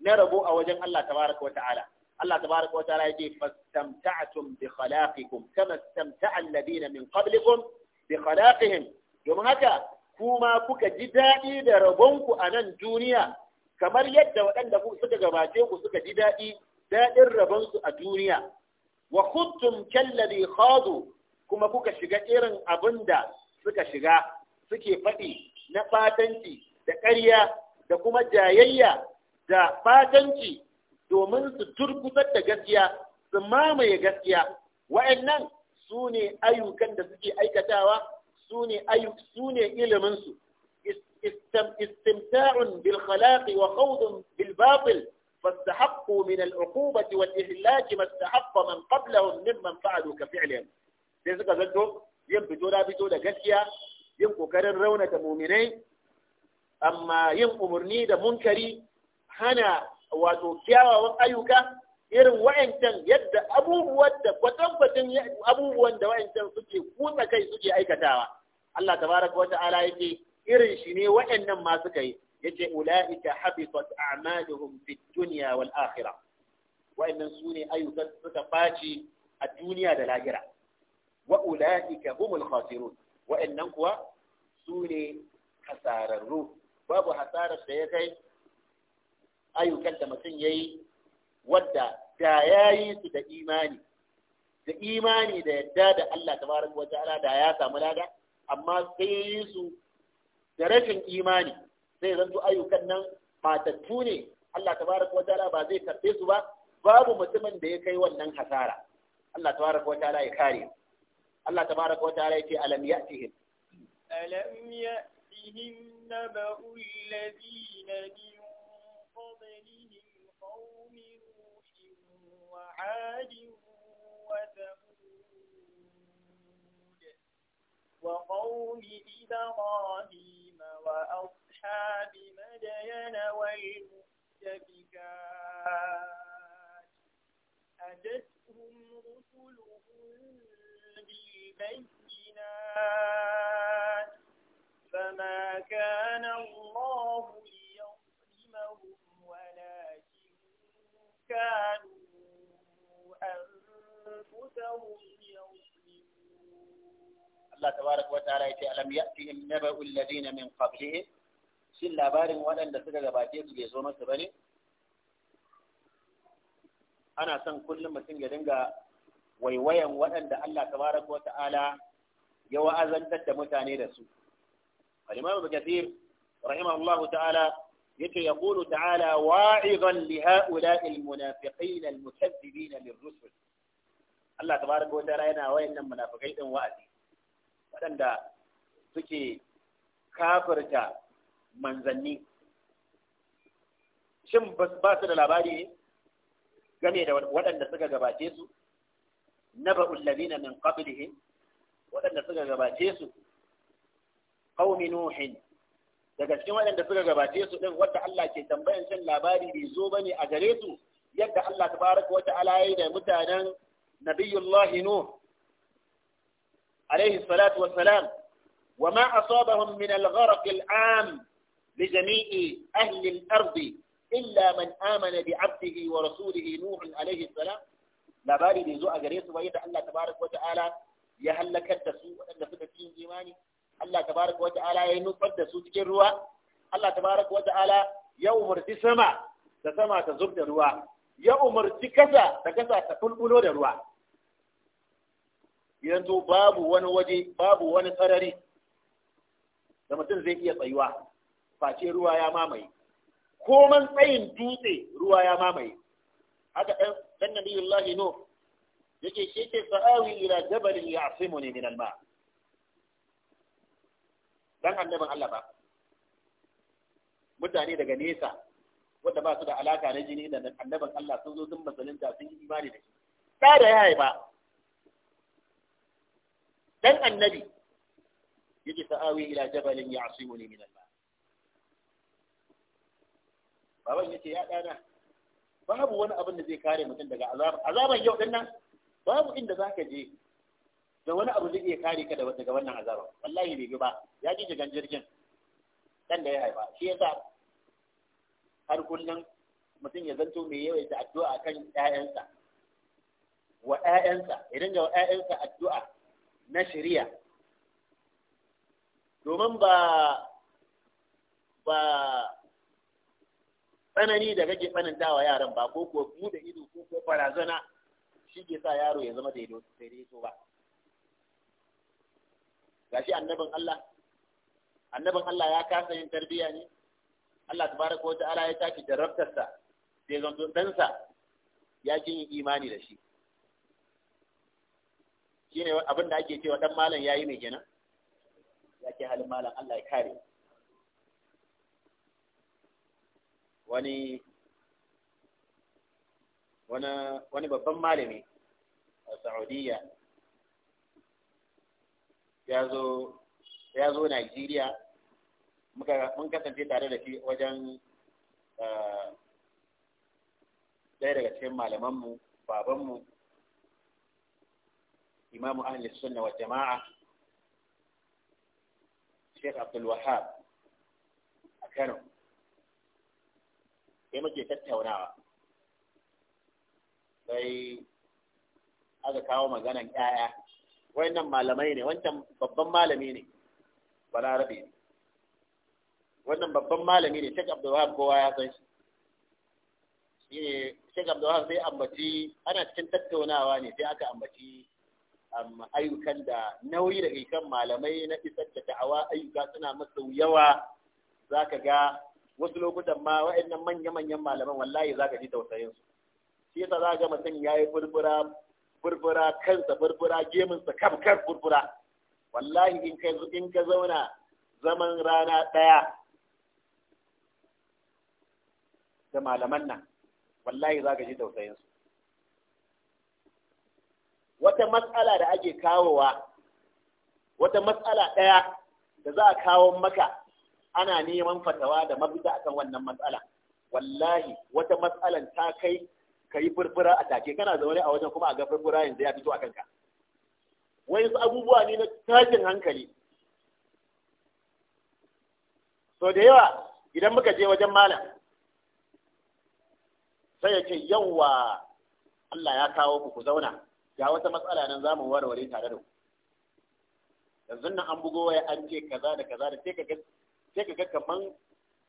na rabo a wajen Allah tabaraka wa ta'ala Allah tabaraka wa ta'ala yake fastamta'tum bi khalaqikum kama istamta'a alladhina min qablikum bi khalaqihim domin haka kuma kuka ji daɗi da rabonku a nan duniya kamar yadda waɗanda suka gabace ku suka ji daɗi daɗin rabonsu a duniya wa kuntum kallabi khadu kuma kuka shiga irin abin da suka shiga suke faɗi na fatanci da ƙarya da kuma jayayya da fatanci domin su turkusar da gaskiya su mamaye gaskiya wa'annan su ne ayyukan da suke aikatawa su ne su ne iliminsu istimta'un bil khalaqi wa khawdun bil batil fastahaqqu min al uqubati wal ihlaki mastahabba man qablahum mimman fa'alu ka sai suka zanto yin fito na fito da gaskiya yin kokarin raunata muminai amma yin umarni da munkari hana wato kyawawan ayyuka irin wa'ancan yadda abubuwan da kwatankwatin abubuwan da wa'ancan suke kutsa kai suke aikatawa Allah tabaraka wata'ala ce irin shi ne wa'annan ma suka yi yace ulaika habitat a'maluhum fid dunya wal akhirah wa'annan sune ayyukan suka faci a duniya da lahira wa ulaika humul khasirun wa'annan kuwa sune hasararru babu hasarar da ya kai ayyukan da mutum yayi wadda da yayi su da imani da imani da yadda da Allah tabaraka ala da ya samu daga. amma sai su da rashin imani sai zanto ayyukan nan matattu ne Allah tabaraka ala ba zai karbe su ba babu mutumin da ya kai wannan hasara Allah tabaraka ala ya kare الله تبارك وتعالى يتي ألم يأتهم
ألم يأتهم نبأ الذين من قبلهم قوم نوح وعاد وثمود وقوم إبراهيم وأصحاب مدين والمتبكات أدت بالبينات فما كان الله ليظلمهم ولكن كانوا أنفسهم يظلمون
الله تبارك وتعالى ألم يأتهم نبأ الذين من قبلهم shin labarin waɗanda suka gabace su bai zo masa ba ne ana son kullum mutum ya dinga waiwayan waɗanda Allah tabaraka wa ta'ala ya wa'azantar da mutane da su al-imam al ta'ala ya ta'ala yake kulu ta'ala wa'izan li ha'ula il munafiqin al na lir-rusul Allah tabaraka wa ta'ala yana wayannan munafikai din wa'azi waɗanda suke kafirta manzanni shin ba su da labari ne game da waɗanda suka gabace su نبأ الذين من قبلهم waɗanda suka gabace su qaumi nuhin daga cikin waɗanda suka gabace su ɗin wadda Allah ke tambayan shan labari bai zo bane a gare su yadda Allah tabaraka wa ta'ala yayi da mutanen nabiyullah nuh alaihi salatu wa salam wa ma asabahum min al-gharq al-am li jami'i ahli al-ard illa man amana bi 'abdihi wa rasulihi nuh alaihi salam labari bai zo a gare su ba yadda Allah tabaraka wa ta'ala ya halakar da su waɗanda suka ci imani Allah tabaraka wa ta'ala ya nufar da su cikin ruwa Allah tabaraka wa ta'ala ya umarci sama da sama ta zub da ruwa ya umarci kasa da kasa ta bulbulo da ruwa yanzu babu wani waje babu wani sarari da mutum zai iya tsayuwa face ruwa ya mamaye koman tsayin dutse ruwa ya mamaye haka ɗan dan nabiyullahi no yake shi ce fa'awi ila jabalin ya'simuni min alma dan annabin Allah ba mutane daga nesa wanda ba su da alaka na jini da annabin Allah sun zo sun musulunta sun yi imani da shi da da yayi ba dan annabi yake fa'awi ila jabalin ya'simuni min alma baban yace ya dana babu wani abin da zai kare mutum daga azaban azaban yau din nan babu inda zaka je da wani abu zai iya kare ka daga wannan azaban wallahi bai bi ba ya ji jigan jirgin dan da ya haifa shi yasa har kullun mutum ya zanto mai yawaita addu'a kan ƴaƴansa wa ƴaƴansa Idan ga ƴaƴansa addu'a na shari'a domin ba ba tsanani da kake tsanantawa yaran ba ko ko mu da ido ko ko barazana shi ke sa yaro ya zama so ba gashi annabin Allah annabin Allah ya kasa yin tarbiyya ne Allah tabaraka wata'ala ya da jarrabtarsa sai zanto ɗansa ya ki imani da shi shine abin da ake cewa dan malam yayi mai kenan ya halin malam Allah ya kare wani wani babban malami a saudiya ya zo nigeria mun kasance tare da shi wajen eh, ɗaya daga cikin malamanmu babanmu imamu ahli sunna wa jama'a Sheikh Abdul a Kano sai muke tattaunawa sai aka kawo maganan ƴaƴa wannan malamai ne wancan babban malami ne balarabe ne wannan babban malami ne Sheikh Abdul Wahab kowa ya san shi shine Sheikh Abdul Wahab sai ambaci ana cikin tattaunawa ne sai aka ambaci um, ayyukan da nauyi daga kan malamai na isar da da'awa ayyuka suna masa yawa zaka ga wasu lokutan ma wa'annan manya-manyan malaman wallahi za ka ji tausayin su shi yasa za ga mutum ya yi furfura furfura kansa furfura geminsa kam kan furfura wallahi in ka in ka zauna zaman rana ɗaya da malaman nan wallahi za ka ji tausayin su wata matsala da ake kawowa wata matsala ɗaya da za a kawo maka ana neman fatawa da mafita akan wannan matsala wallahi wata matsalan ta kai ka yi furfura a take kana zaune a wajen kuma a ga furfura yanzu ya fito a kanka wai su abubuwa ne na tashin hankali so da yawa idan muka je wajen malam sai ya ce Allah ya kawo ku ku zauna ga wata matsala nan zamu warware tare da ku yanzu nan an bugo waya an ce kaza da kaza da sai ka sai ka ga kaman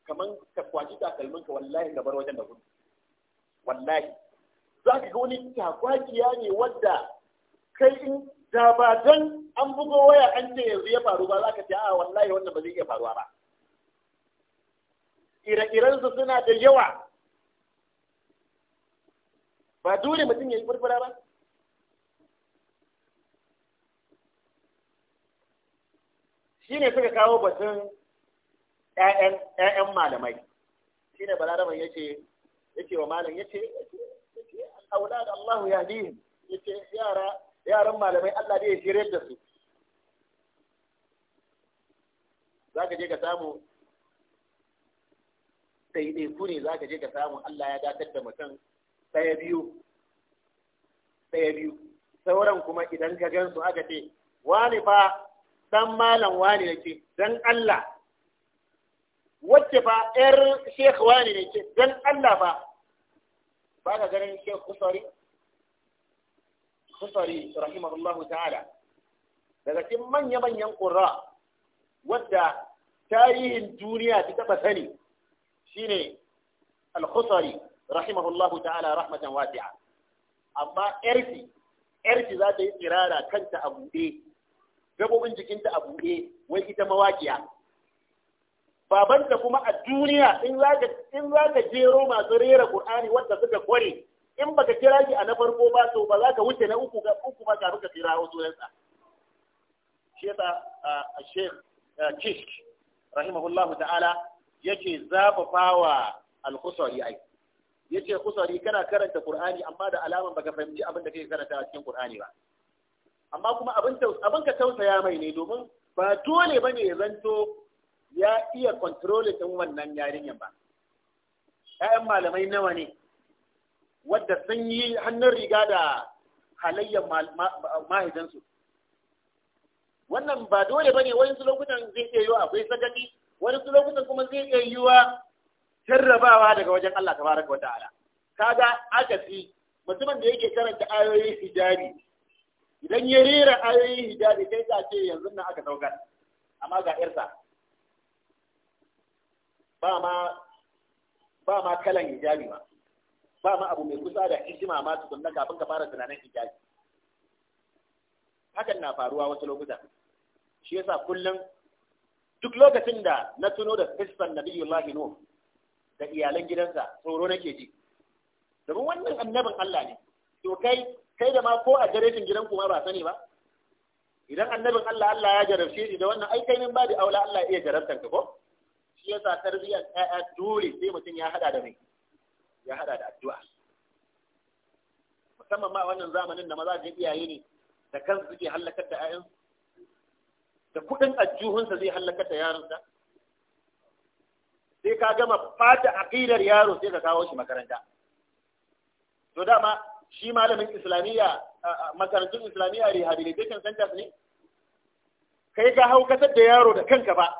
kaman ka kwaji takalmin ka wallahi ka bar wajen da gudu wallahi za ka ga wani takwakiya ne wadda kai in da ba don an bugo waya an ce yanzu ya faru ba za ka ce a wallahi wannan ba zai iya faruwa ba ire-irensu suna da yawa ba dole mutum ya yi furfura ba shi ne suka kawo batun ƴaƴan malamai Shi shine balaraban yace yace wa malam yace aulad Allah yahdihim ya ce yaran malamai Allah ne ya shiryar da su Za ka je ka samu sai dai ku ne za ka je ka samu Allah ya dakatar da mutum ɗaya biyu ɗaya biyu sauran kuma idan ka gan su aka ce wani fa dan malam wani yake dan Allah wacce fa ‘yar shekh wani ne ke don Allah ba ba ka ganin shekh kusari kusari rahimahullahu ta'ala daga cikin manya-manyan ƙura wadda tarihin duniya ta taɓa sani shine al-kusari rahimahullahu ta'ala rahmatan wasi'a amma ‘yarki ‘yarki za ta yi tsirara kanta a buɗe gabobin jikinta a buɗe wai ita mawaƙiya baban da kuma a duniya in za ka jero masu rera Qur'ani wanda suka kware in baka kira shi a na farko ba to ba za ka wuce na uku ga uku ba ka ka kira wasu yansa shi a Sheikh Kishk rahimahullahu ta'ala yake fawa al qusari ai yace Khusari kana karanta Qur'ani amma da alaman baka fahimci abin da kake karanta a cikin Qur'ani ba amma kuma abin abin ka tausaya mai ne domin ba dole bane ya zanto ya iya kontrole ɗin wannan yarinyar ba Ya'yan malamai nawa ne wadda sun yi hannun riga da halayyar mahaifinsu wannan ba dole ba ne wani su lokutan zai iya yiwa akwai sagadi, wani su lokutan kuma zai iya yiwa jarrabawa daga wajen Allah ala. wa ta'ala kaga akasi mutumin da yake karanta ayoyin hijabi idan ya rera ayoyin hijabi kai ta ce yanzu nan aka saukar amma ga irsa ba ma kalan hijabi ba ba ma abu mai kusa da hijima ma tukunna kafin ka fara tunanin hijabi hakan na faruwa wasu lokuta shi yasa kullum duk lokacin da na tuno da fiskan nabiyullahi nuh da iyalan gidansa tsoro nake ji domin wannan annabin Allah ne to kai kai da ma ko a jarabin gidan kuma ba sani ba idan annabin Allah Allah ya jarabce shi da wannan ai kai min babu aula Allah iya jarabtan ka ko shi yasa tarbiyyar ƴaƴa dole sai mutum ya hada da mai ya hada da addu'a musamman ma wannan zamanin da maza da iyaye ne da kansu suke hallakar da ƴaƴan da kuɗin ajuhunsa zai hallakar da yaronsa sai ka gama fata aqidar yaro sai ka kawo shi makaranta to dama shi malamin islamiyya makarantun islamiyya rehabilitation centers ne kai ka haukatar da yaro da kanka ba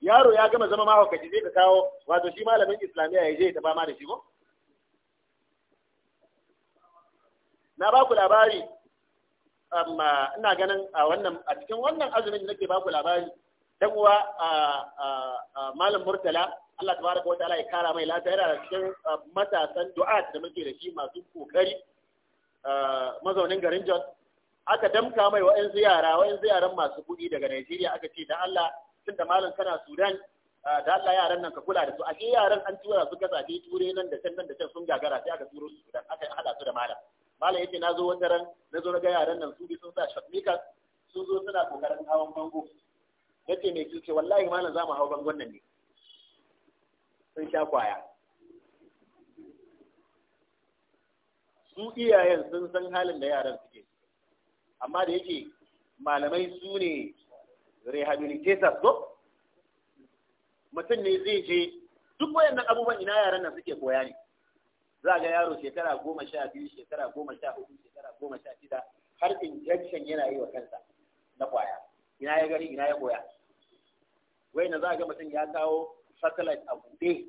yaro ya gama zama mahaukaci zai ka kawo wato shi malamin islamiyya ya je ta fama da shi ko na ba ku labari amma ina ganin a wannan a cikin wannan azumin da nake ba ku labari dan uwa malam murtala Allah tabaraka wa ta'ala ya kara mai lafiya da cikin matasan du'a da muke da shi masu kokari mazaunin garin Jos aka damka mai wa'in yara wa'in yaran masu kuɗi daga Najeriya aka ce da Allah tun da malam kana Sudan da Allah yaran nan ka kula da su ashe yaran an tura su gaza dai ture nan da can nan da can sun gagara sai aka turo su Sudan aka hada su da malam malam yace na zo wata ran na zo na ga yaran nan su bi sun sa shafika sun zo suna kokarin hawan bango yace me kike wallahi malam za mu hawa bangon nan ne sun sha kwaya su iyayen sun san halin da yaran suke amma da yake malamai su ne rehabilitators ko mutum ne zai je duk wayannan abubuwan ina yaran nan suke koya ne za ga yaro shekara goma sha biyu shekara goma sha hudu, shekara goma sha shida har injection yana yi wa kansa na kwaya ina ya gari ina ya koya na za ga mutum ya kawo satellite a buɗe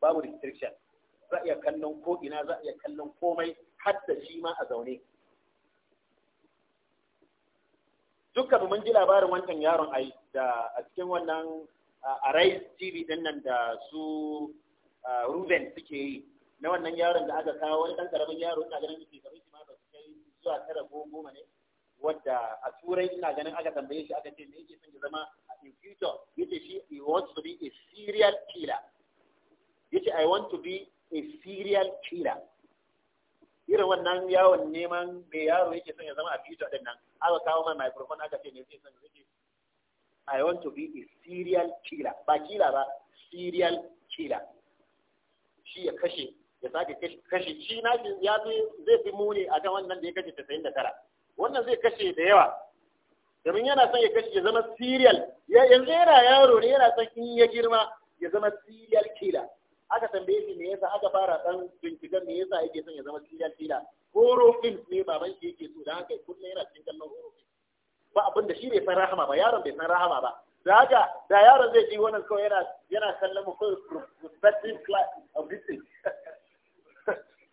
babu restriction za iya kallon ko ina za iya kallon komai har da shi ma a zaune dukkan mun ji labarin wancan yaron a da a cikin wannan Arise TV din nan da su Ruben suke yi na wannan yaron da aka kawo wani dan karamin yaro ina ganin shi kamar shi ma ba su kai zuwa tara ko goma ne wadda a turai ina ganin aka tambaye shi aka ce me yake son ya zama in future yace shi he wants to be a serial killer yace I want to be a serial killer irin wannan yawon neman me yaro yake son ya zama a future din nan aka kawo mai microphone aka ce ne zai san zai I want to be a serial killer ba killer ba serial killer shi ya kashe ya sake kashe shi na shi ya fi zai fi muni a kan wannan da ya kashe 99 wannan zai kashe da yawa domin yana son ya kashe ya zama serial yanzu yana yaro ne yana son in ya girma ya zama serial killer aka tambaye shi me yasa aka fara dan binciken me yasa yake son ya zama serial killer horo films ne baban ke yake so da haka kullum yana cikin kallon horo ba abin da shi bai san rahama ba yaron bai san rahama ba da haka da yaron zai ji wannan kawai yana yana kallon mu kawai prospective class of this thing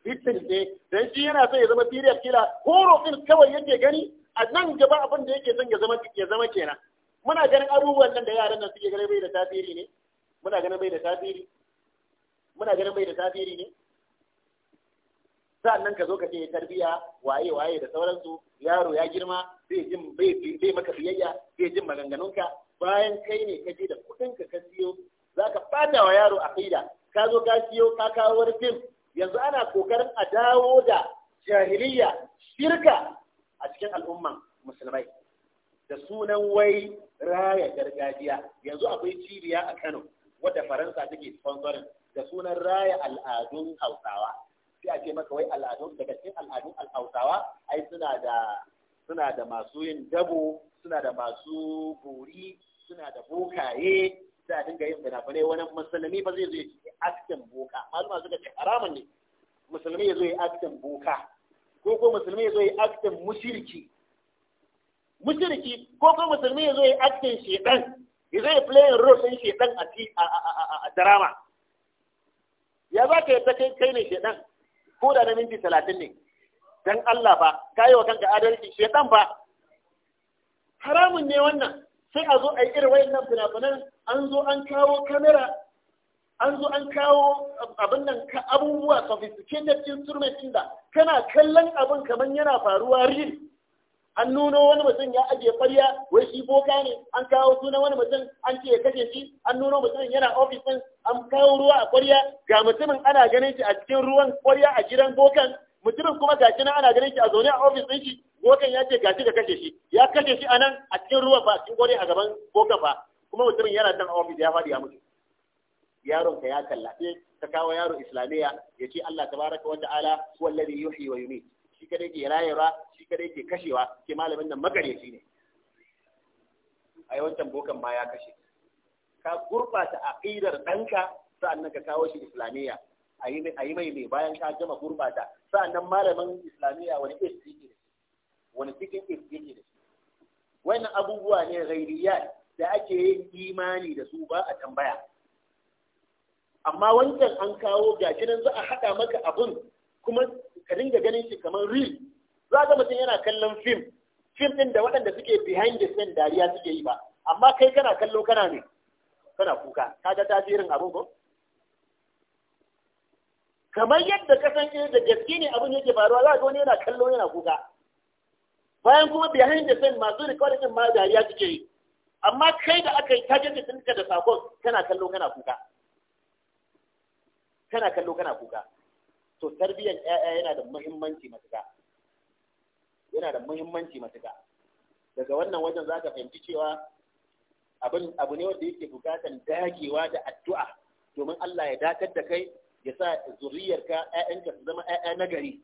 victim ne dan shi yana so ya zama period killer horo films kawai yake gani a nan gaba abin da yake son ya zama ya zama kenan muna ganin abubuwan nan da yaran nan suke ganin bai da tasiri ne muna ganin bai da tasiri muna ganin bai da tasiri ne sa'annan ka zo ka ce tarbiya waye waye da sauransu yaro ya girma zai jin bai maka biyayya zai jin maganganunka bayan kai ne ka je da kuɗin ka siyo za ka bada wa yaro faida. ka zo ka siyo ka kawo wani fim yanzu ana kokarin a dawo da jahiliya shirka a cikin al'umman musulmai da sunan wai raya gargajiya yanzu akwai cibiya a Kano wadda Faransa take sponsoring da sunan raya al'adun Hausawa sai a ce maka wai al'adu daga cikin al'adun al'autawa ai suna da suna da masu yin dabo suna da masu buri suna da bokaye sai a dinga yin fina-finai wani musulmi ba zai zo ya askin aktin boka malama suka ce haramun ne musulmi ya zo ya askin boka ko ko musulmi ya zo ya askin mushirki mushirki ko ko musulmi ya zo ya askin shedan ya zo ya playing role sun shedan a drama ya za ka yi kai kai ne shedan ko da na minti talatin ne dan Allah ba ka yi wa kanka adalci shedan ba haramun ne wannan sai a zo a yi iri wayannan fina-finan an zo an kawo kamera an zo an kawo abin nan abubuwa sophisticated instrument inda kana kallon abin kamar yana faruwa real an nuno wani mutum ya ajiye ƙwarya wai shi boka ne an kawo suna wani mutum an ce ya kashe shi an nuno mutumin yana ofis ɗin an kawo ruwa a ƙwarya ga mutumin ana ganin shi a cikin ruwan ƙwarya a gidan bokan mutumin kuma ga shi ana ganin shi a zaune a ofis ɗin shi bokan ya ce ga shi ka kashe shi ya kashe shi a nan a cikin ruwan ba a cikin ƙwarya a gaban bokan ba kuma mutumin yana dan ofis ya faɗi ya mutu yaron ka ya kalla sai ka kawo yaro islamiyya ya ce Allah tabaraka wa ta'ala huwa alladhi yuhyi wa yumiit shi kadai ke rayewa shi kadai ke kashewa ke malamin nan magareci ne a wancan bokan ma ya kashe ka gurbata aqidar danka sa'annan ka kawo shi islamiyya a yi mai mai bayan ka gama gurbata sa'annan malamin islamiyya wani is yake da wani cikin is yake da wannan abubuwa ne ghairiyat da ake yin imani da su ba a tambaya amma wancan an kawo gashi nan za a haɗa maka abun kuma ka dinga ganin shi kamar real za ga mutum yana kallon film film din da waɗanda suke behind the scene dariya suke yi ba amma kai kana kallo kana ne kana kuka Ka ga tasirin abin ko kamar yadda ka san eh, da gaske ne abin yake faruwa za ga wani yana kallo yana kuka bayan kuma behind the scene masu recording din ma dariya suke yi amma kai da aka yi targeted ɗinka da sakon kana kallo kana kuka kana kallo kana kuka to tarbiyyar ƴaƴa yana da muhimmanci matuƙa yana da muhimmanci matuƙa daga wannan wajen za ka fahimci cewa abin abu ne wanda yake bukatan dagewa da addu'a domin Allah ya dakar da kai ya sa zuriyarka ƴaƴanka su zama ƴaƴa na gari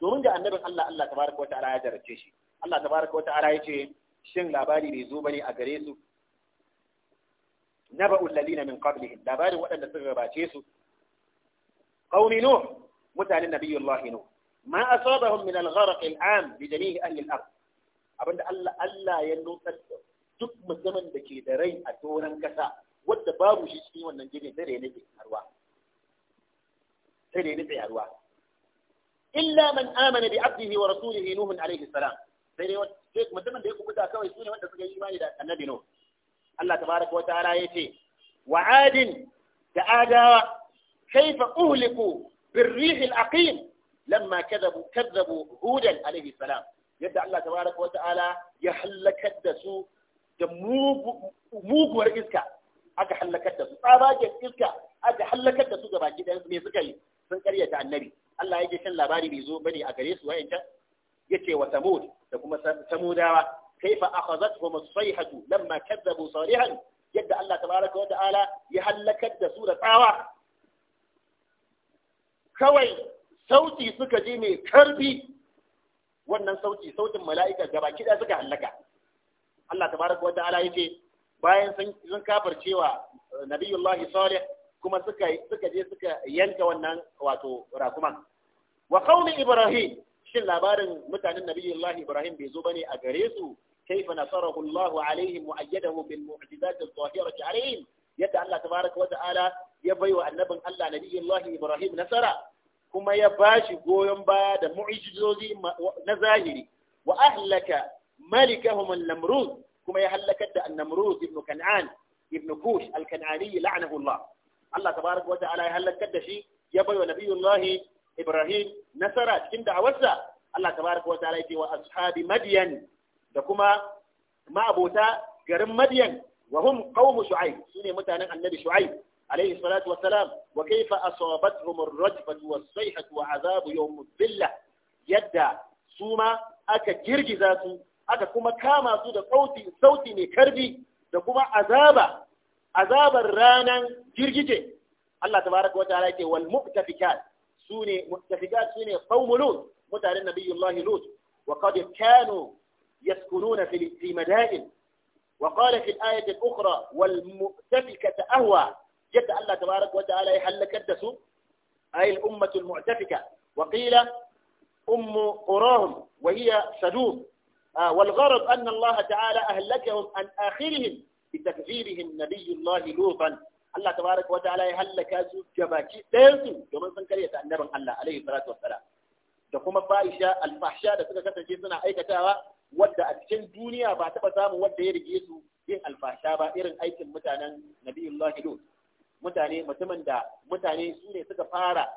domin da annabin Allah Allah tabaraka wa ta'ala ya jarace shi Allah tabaraka wa ta'ala ya ce shin labari bai zo bane a gare su naba'ul ladina min qablihim labarin waɗanda suka gabace su قوم نوح متعن النبي الله نوح ما أصابهم من الغرق العام بجميع أهل الأرض abinda Allah Allah ya nutsar duk mutumin da ke da rai a doron kasa wadda babu shi cikin wannan jirgin sai da ya nufi harwa sai da ya nufi harwa illa man amana bi abdihi wa rasulihi nuh alayhi salam sai dai mutumin da ya kubuta kawai sune wanda suka yi imani da annabi nuh Allah tabaraka wa ta'ala yace wa adin da adawa كيف أهلكوا بالريح العقيم لما كذبوا كذبوا هودا عليه السلام يدعى الله تبارك وتعالى يحلك الدسو muguwar iska aka hallakar su tsabagen iska aka hallakar su gaba gidan suka yi sun karyata annabi Allah ya shan labari bai zo bane a gare su wayancan yace wa samud da kuma samudawa kaifa akhadhatuhum as-sayhatu lamma yadda Allah tabaraka ya hallakar da su da tsawa kawai sauti suka ji mai karfi wannan sauti sautin mala'ika gaba kida suka hallaka Allah tabaraka wata'ala yake bayan sun kafar cewa eh, nabiyullah salih kuma suka je suka yanka wannan wato rakuman wa ibrahim shin labarin mutanen nabiyullah ibrahim bai zo bane a gare su kaifa nasarahu Allah alaihi wa ayyadahu bil mu'jizat adh-dhahirati alaihim yadda Allah tabaraka wata'ala ya baiwa annabin Allah nabiyullah ibrahim nasara kuma ya bashi goyon baya da mu'jizozi na zahiri wa ahlaka malikahum al-namrud kuma ya halakar da an-namrud ibn kan'an ibn kush al-kan'ani la'anahu Allah Allah tabaraka wa ta'ala ya halakar da shi ya bai wa nabiyullahi Ibrahim nasara cikin da'awarsa Allah tabaraka wa ta'ala ce wa ashabi madyan da kuma ma'abota garin madyan wa hum qaumu shu'aib sune mutanen annabi shu'aib عليه الصلاة والسلام وكيف أصابتهم الرجفة والصيحة وعذاب يوم الظلة يدى سوما أكا جرجي ذاته أكا كما كاما سودة صوتي صوتي مكربي دكما عذابا عذاب الرانا جرجي الله تبارك وتعالى والمؤتفكات سوني مؤتفكات سوني قوم لوط متعلن النبي الله لوط وقد كانوا يسكنون في مدائن وقال في الآية الأخرى والمؤتفكة أهوى yadda Allah tabaraka wata'ala ya halakar da su ay al-ummatu al-mu'tafika wa qila ummu qurahum wa hiya sadum والغرض أن الله تعالى أهلكهم عن آخرهم بتكذيبهم نبي الله لوطا الله تبارك وتعالى يهلك su gabaki ɗayansu domin sun karyata annabin Allah alayhi salatu wassalam da kuma fahisha alfasha da suka kasance suna aikatawa wadda a cikin duniya ba taba samun wadda ya rige su yin alfasha ba irin aikin mutanen nabiyullahi lut mutane mutumin da mutane su ne suka fara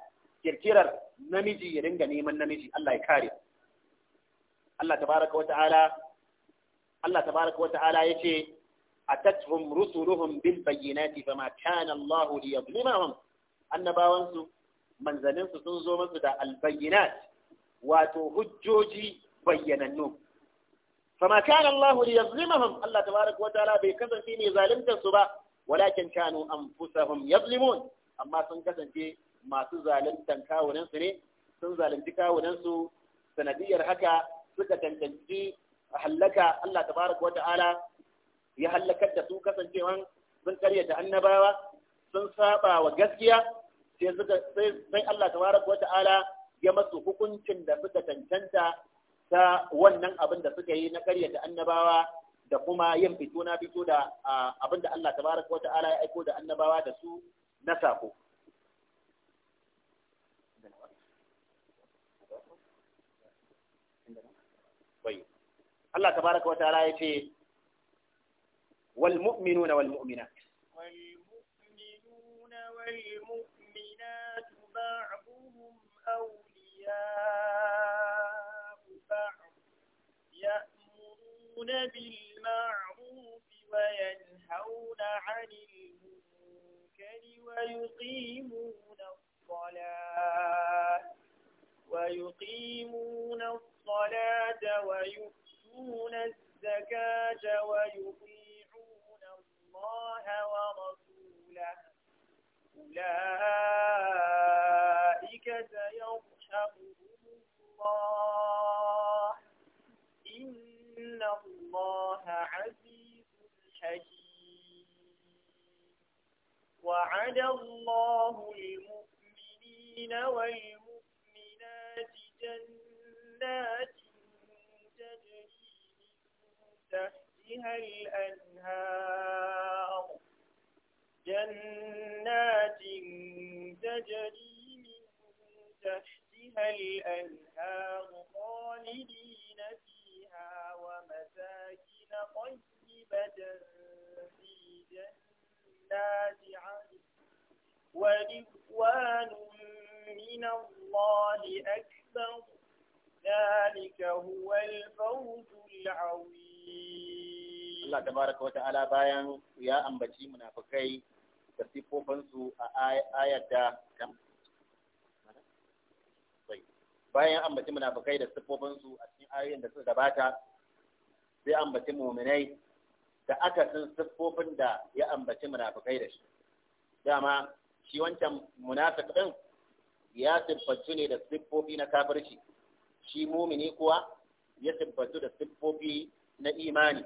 kirkirar namiji ya dinga neman namiji Allah ya kare Allah tabaraka wa ta'ala Allah tabaraka wa ta'ala yace atatuhum rusuluhum bil bayyinati fama kana Allah liyadhlimahum annabawan su manzanin su sun zo musu da al bayyinat wato hujjoji bayyanannu fama kana Allah liyadhlimahum Allah tabaraka wa ta'ala bai kasance ne zaluntar su ba walakin kanu anfusahum yazlimun amma sun kasance masu zaluntan kawunan su ne sun zalunci kawunan su sanadiyar haka suka tantance hallaka Allah tabaraka wa ta'ala ya hallakar da su sun karyata annabawa sun wa gaskiya sai Allah tabaraka wa ta'ala ya masu hukuncin da suka cancanta ta wannan abin da suka yi na karyata annabawa da kuma yin fito na fito da abin da Allah tabaraka wa ta'ala ya aiko da annabawa da su na sako Allah tabaraka wa ta'ala ya ce wal mu'minuna wal mu'minat
والمؤمنون بالمعروف وينهون عن المنكر ويقيمون الصلاة ويقيمون الصلاة ويؤتون الزكاة ويطيعون الله ورسوله
أولئك سيرحمهم
الله إن الله عزيز حكيم وعد الله المؤمنين والمؤمنات جنات تجري من تحتها الأنهار جنات تجري من تحتها الأنهار خالدين فيها فيها ومساكن طيبة في جنات عدن ورضوان من الله أكبر ذلك هو الفوز العظيم الله
تبارك وتعالى بيان يا أنبتي منافقين da siffofinsu a ayata bayan ambaci munafikai da siffofinsu a cikin ayoyin da suka gabata sai ambaci muminai da aka san siffofin da ya ambaci munafikai da shi dama shi wancan munafik din ya siffantu ne da siffofi na kafirci shi mumini kuwa ya siffantu da siffofi na imani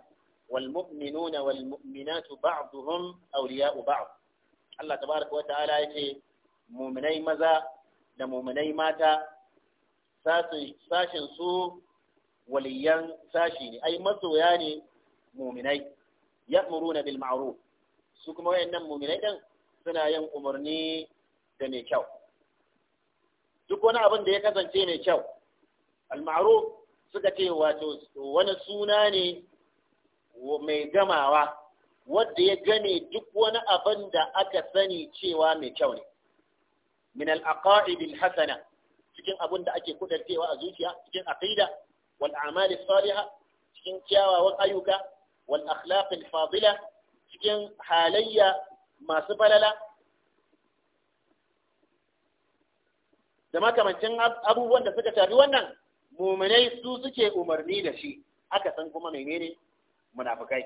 wal mu'minatu ba'dhum awliya'u ba'd Allah tabaaraka wa ta'ala yace mu'minai maza da mu'minai mata sashin su waliyan sashi ne ai masoya ne muminai ya'muruna bil ma'ruf su kuma wayannan muminai din suna yin umarni da mai kyau duk wani abin da ya kasance mai kyau al ma'ruf suka ce wato wani suna ne mai gamawa wadda ya gane duk wani abin da aka sani cewa mai kyau ne min al aqaid al hasana cikin abin da ake kudartewa a zuciya cikin aqida wal a'mali salihah cikin kyawawan ayyuka wal akhlaq al fadila cikin halayya masu balala da makamancin abubuwan da suka tafi wannan muminai su suke umarni da shi aka san kuma menene munafikai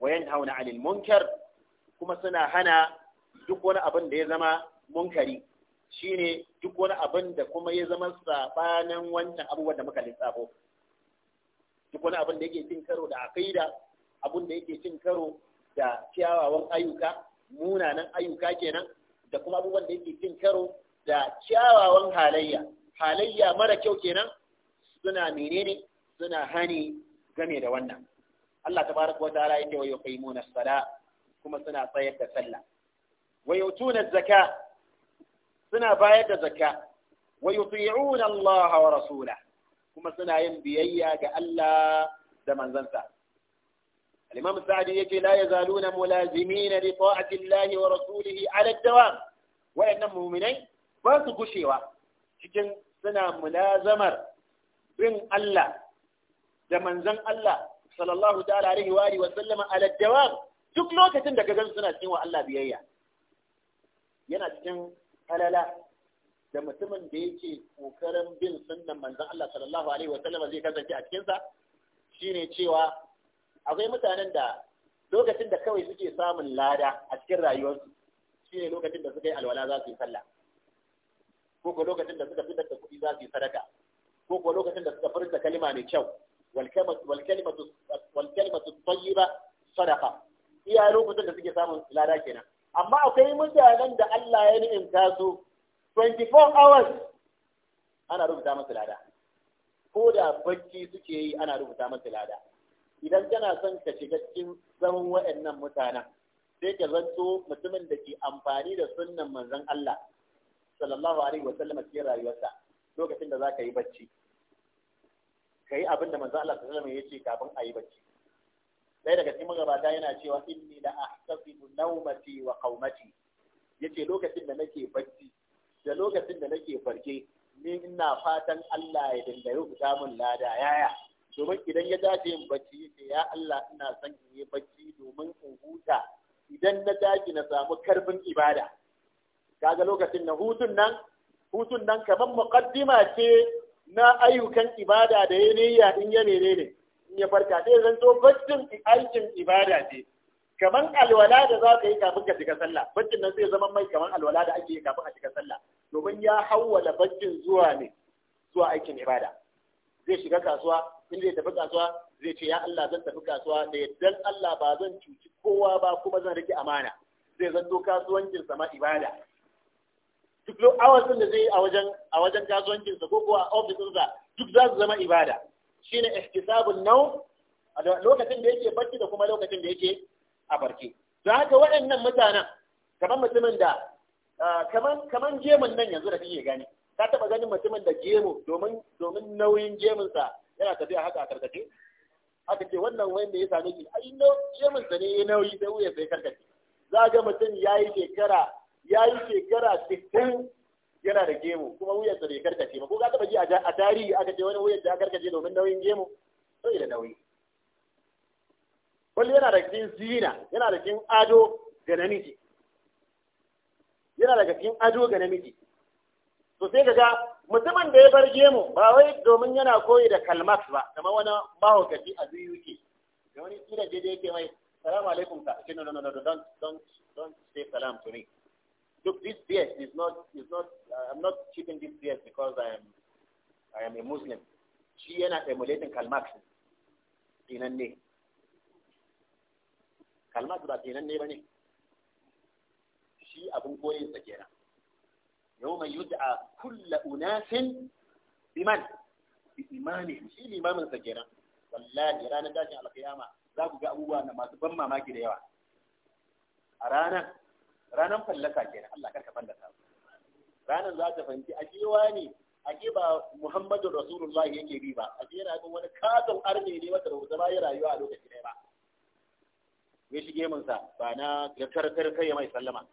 wayan hauna alil munkar kuma suna hana duk wani abin da ya zama munkari shine duk wani abin da kuma ya zama sabanin wancan abubuwan da muka lissafo duk wani abin da yake cin karo da aqida abin da yake cin karo da kyawawan ayyuka munanan ayyuka kenan da kuma abubuwan da yake cin karo da kyawawan halayya halayya mara kyau kenan suna menene suna hani game da wannan Allah tabaraka wa ta'ala yake wa yuqimuna as-sala kuma suna tsayar da sallah wa yutuna az-zaka suna bayar da zakka wa yuti'una Allah wa rasula kuma suna yin biyayya ga Allah da manzansa al-imam sa'di yake la yazaluna mulazimina li ta'ati Allah wa rasulihi ala ad-dawam wa'annan mu'minai ba su gushewa cikin suna mulazamar bin Allah da manzan Allah sallallahu ta'ala alaihi wa alihi wa sallama ala dawam duk lokacin da kagan suna cikin wa Allah biyayya yana cikin falala da mutumin da yake kokarin bin sunnan manzon Allah sallallahu alaihi wa sallam zai kasance a cikin sa shine cewa akwai mutanen da lokacin da kawai suke samun lada a cikin rayuwarsu shine lokacin da suka yi alwala za su yi sallah ko ko lokacin da suka fitar da kuɗi za su yi sadaka ko ko lokacin da suka furta kalima mai kyau wal kalimatu wal kalimatu tayyiba sadaqa iya lokacin da suke samun lada kenan amma akwai mutanen da Allah ya ni'imta su 24 hours ana rubuta masu lada ko da bacci suke yi ana rubuta masu lada idan kana son ka shiga cikin zaman wa'annan mutanen sai ka zanto mutumin da ke amfani da sunnan manzon Allah sallallahu alaihi wa sallam cikin rayuwarsa lokacin da za ka yi bacci ka yi abin da manzon Allah sallallahu alaihi wa sallam ya ce kafin a yi bacci ɗaya daga cikin magabata yana cewa inni la ahtasibu nawmati wa qaumati yace lokacin da nake bacci da lokacin da nake farke ni ina fatan Allah ya dindaye ku samun lada yaya domin idan ya dace in bacci yace ya Allah ina son in yi bacci domin in huta idan na dace na samu karfin ibada kaga lokacin na hutun nan hutun nan kamar muqaddima ce na ayyukan ibada da ya niyya in ya ne ya farka sai zan to baccin aikin ibada ce kaman alwala da za ka yi kafin ka shiga sallah baccin nan zai zama mai kaman alwala da ake yi kafin a shiga sallah domin ya hawwala baccin zuwa ne zuwa aikin ibada zai shiga kasuwa in zai tafi kasuwa zai ce ya Allah zan tafi kasuwa da yaddan Allah ba zan cuci kowa ba kuma zan rike amana zai zanto kasuwancin ma ibada duk awasin da zai yi a wajen a wajen kasuwancin sa ko kuwa a ofisin sa duk za su zama ibada shine ihtisabun nau a lokacin da yake barci da kuma lokacin da yake a barci don haka waɗannan mutanen kamar mutumin da kamar jemun nan yanzu da kake gani ka taɓa ganin mutumin da gemu domin domin nauyin gemunsa yana tafiya haka a karkace haka ce wannan wanda ya same ki ai gemunsa ne ya nauyi sai wuya sai karkace za ga mutum ya yi shekara ya shekara 60 yana da gemu kuma wuyarsa sa bai karkace ba ko ka taba ji a tarihi aka ce wani wuyar da karkace domin nauyin gemu sai da nauyi kullu yana da cikin zina yana da cikin ado ga namiji yana daga cikin ado ga namiji to sai mutumin da ya bar gemu ba wai domin yana koyi da kalmat ba kamar wani mahaukaci a zuyu da wani tsirar da yake mai salamu alaikum ka shi no no no don don don say salam to me Look, this beard is not, is not, uh, I'm not keeping this beard because I am, I am a Muslim. Shi yana emulating Karl Marx. ne. Karl Marx ba dinan ne ba ne. Shi abin koyin sa kenan. Yau mai a kulla unasin biman. imani. Shi limamin sa kenan. Wallahi ranar dajin alkiyama za ku ga abubuwa na masu ban mamaki da yawa. A ranar ranar fallaka kenan Allah karka fallaka ranar za ta fanci a ne a ke ba Muhammadu Rasulullah yake bi ba a ke ga wani katon arme ne wata rubuta ba rayuwa a lokaci ne ba ya shige sa ba na karkar kai ya mai sallama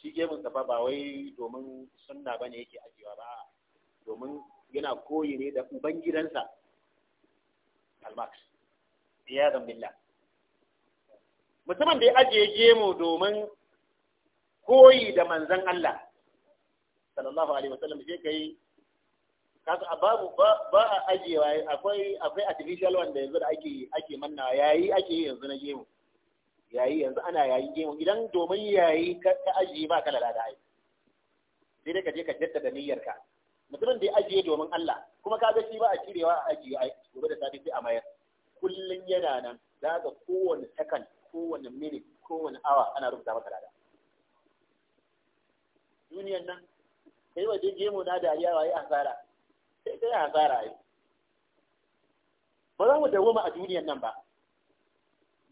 Shi gemunsa sa ba wai domin sunna bane yake ajiyewa ba domin yana koyi ne da ubangidansa al-Marx iyadan billah mutumin da ya ajiye gemu domin koyi da manzan Allah sallallahu alaihi wasallam je kai kaga babu ba a ajiyewa akwai akwai artificial wanda yanzu da ake ake mannawa yayi ake yanzu na gemu yayi yanzu ana yayi gemu idan domin yayi ka ajiye ba kala da ai sai dai ka je ka jaddada niyyarka mutumin da ya ajiye domin Allah kuma kaga shi ba a cirewa a ajiye gobe da safe sai a mayar kullun yana nan za ka kowane second kowane mini kowane awa ana rubuta maka rada duniyan nan kai waje gemu na dariya waye asara sai kai asara yi. ba za mu dawoma a duniyan nan ba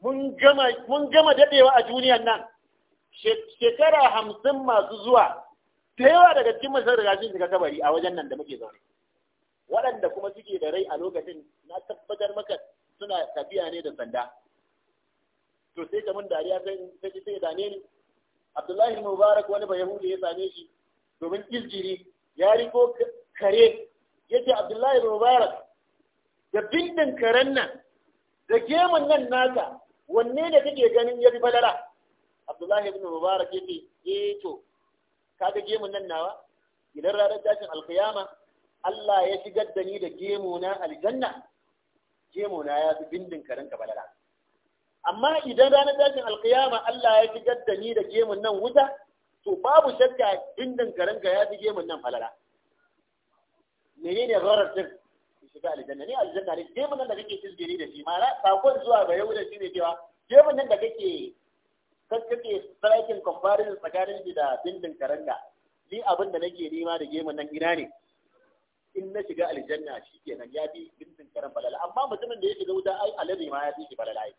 mun gama dadewa a duniyan nan shekara hamsin masu zuwa ta yawa daga cikin masar da shi shiga kabari a wajen nan da muke zaune waɗanda kuma suke da rai a lokacin na tabbatar maka suna tafiya ne da sanda to sai ta mun dariya sai ta sai dane ni Abdullahi Mubarak wani ba Yahudi ya same shi domin izgiri ya riko kare yace Abdullahi Mubarak da bindin karen nan da gemun nan naka wanne ne kake ganin ya fi falala Abdullahi ibn Mubarak yace eh to kaga gemun nan nawa idan ranar tashin alkiyama Allah ya shigar da ni da gemuna aljanna gemuna ya fi bindin karen ka falala amma idan ranar tashin alkiyama Allah ya shigar da ni da gemun nan wuta to babu shakka dindin garanka ya fi gemun nan falala menene gharar din shiga aljanna ne aljanna ne gemun nan da kake tisbiri da shi ma'ana sakon zuwa ga yau da shi ne cewa gemun nan da kake kake striking comparison tsakanin shi da dindin karanga ni abin da nake nema da gemun nan gina ne in na shiga aljanna shi kenan ya fi dindin karan falala amma mutumin da ya shiga wuta ai alari ma ya fi shi falala ai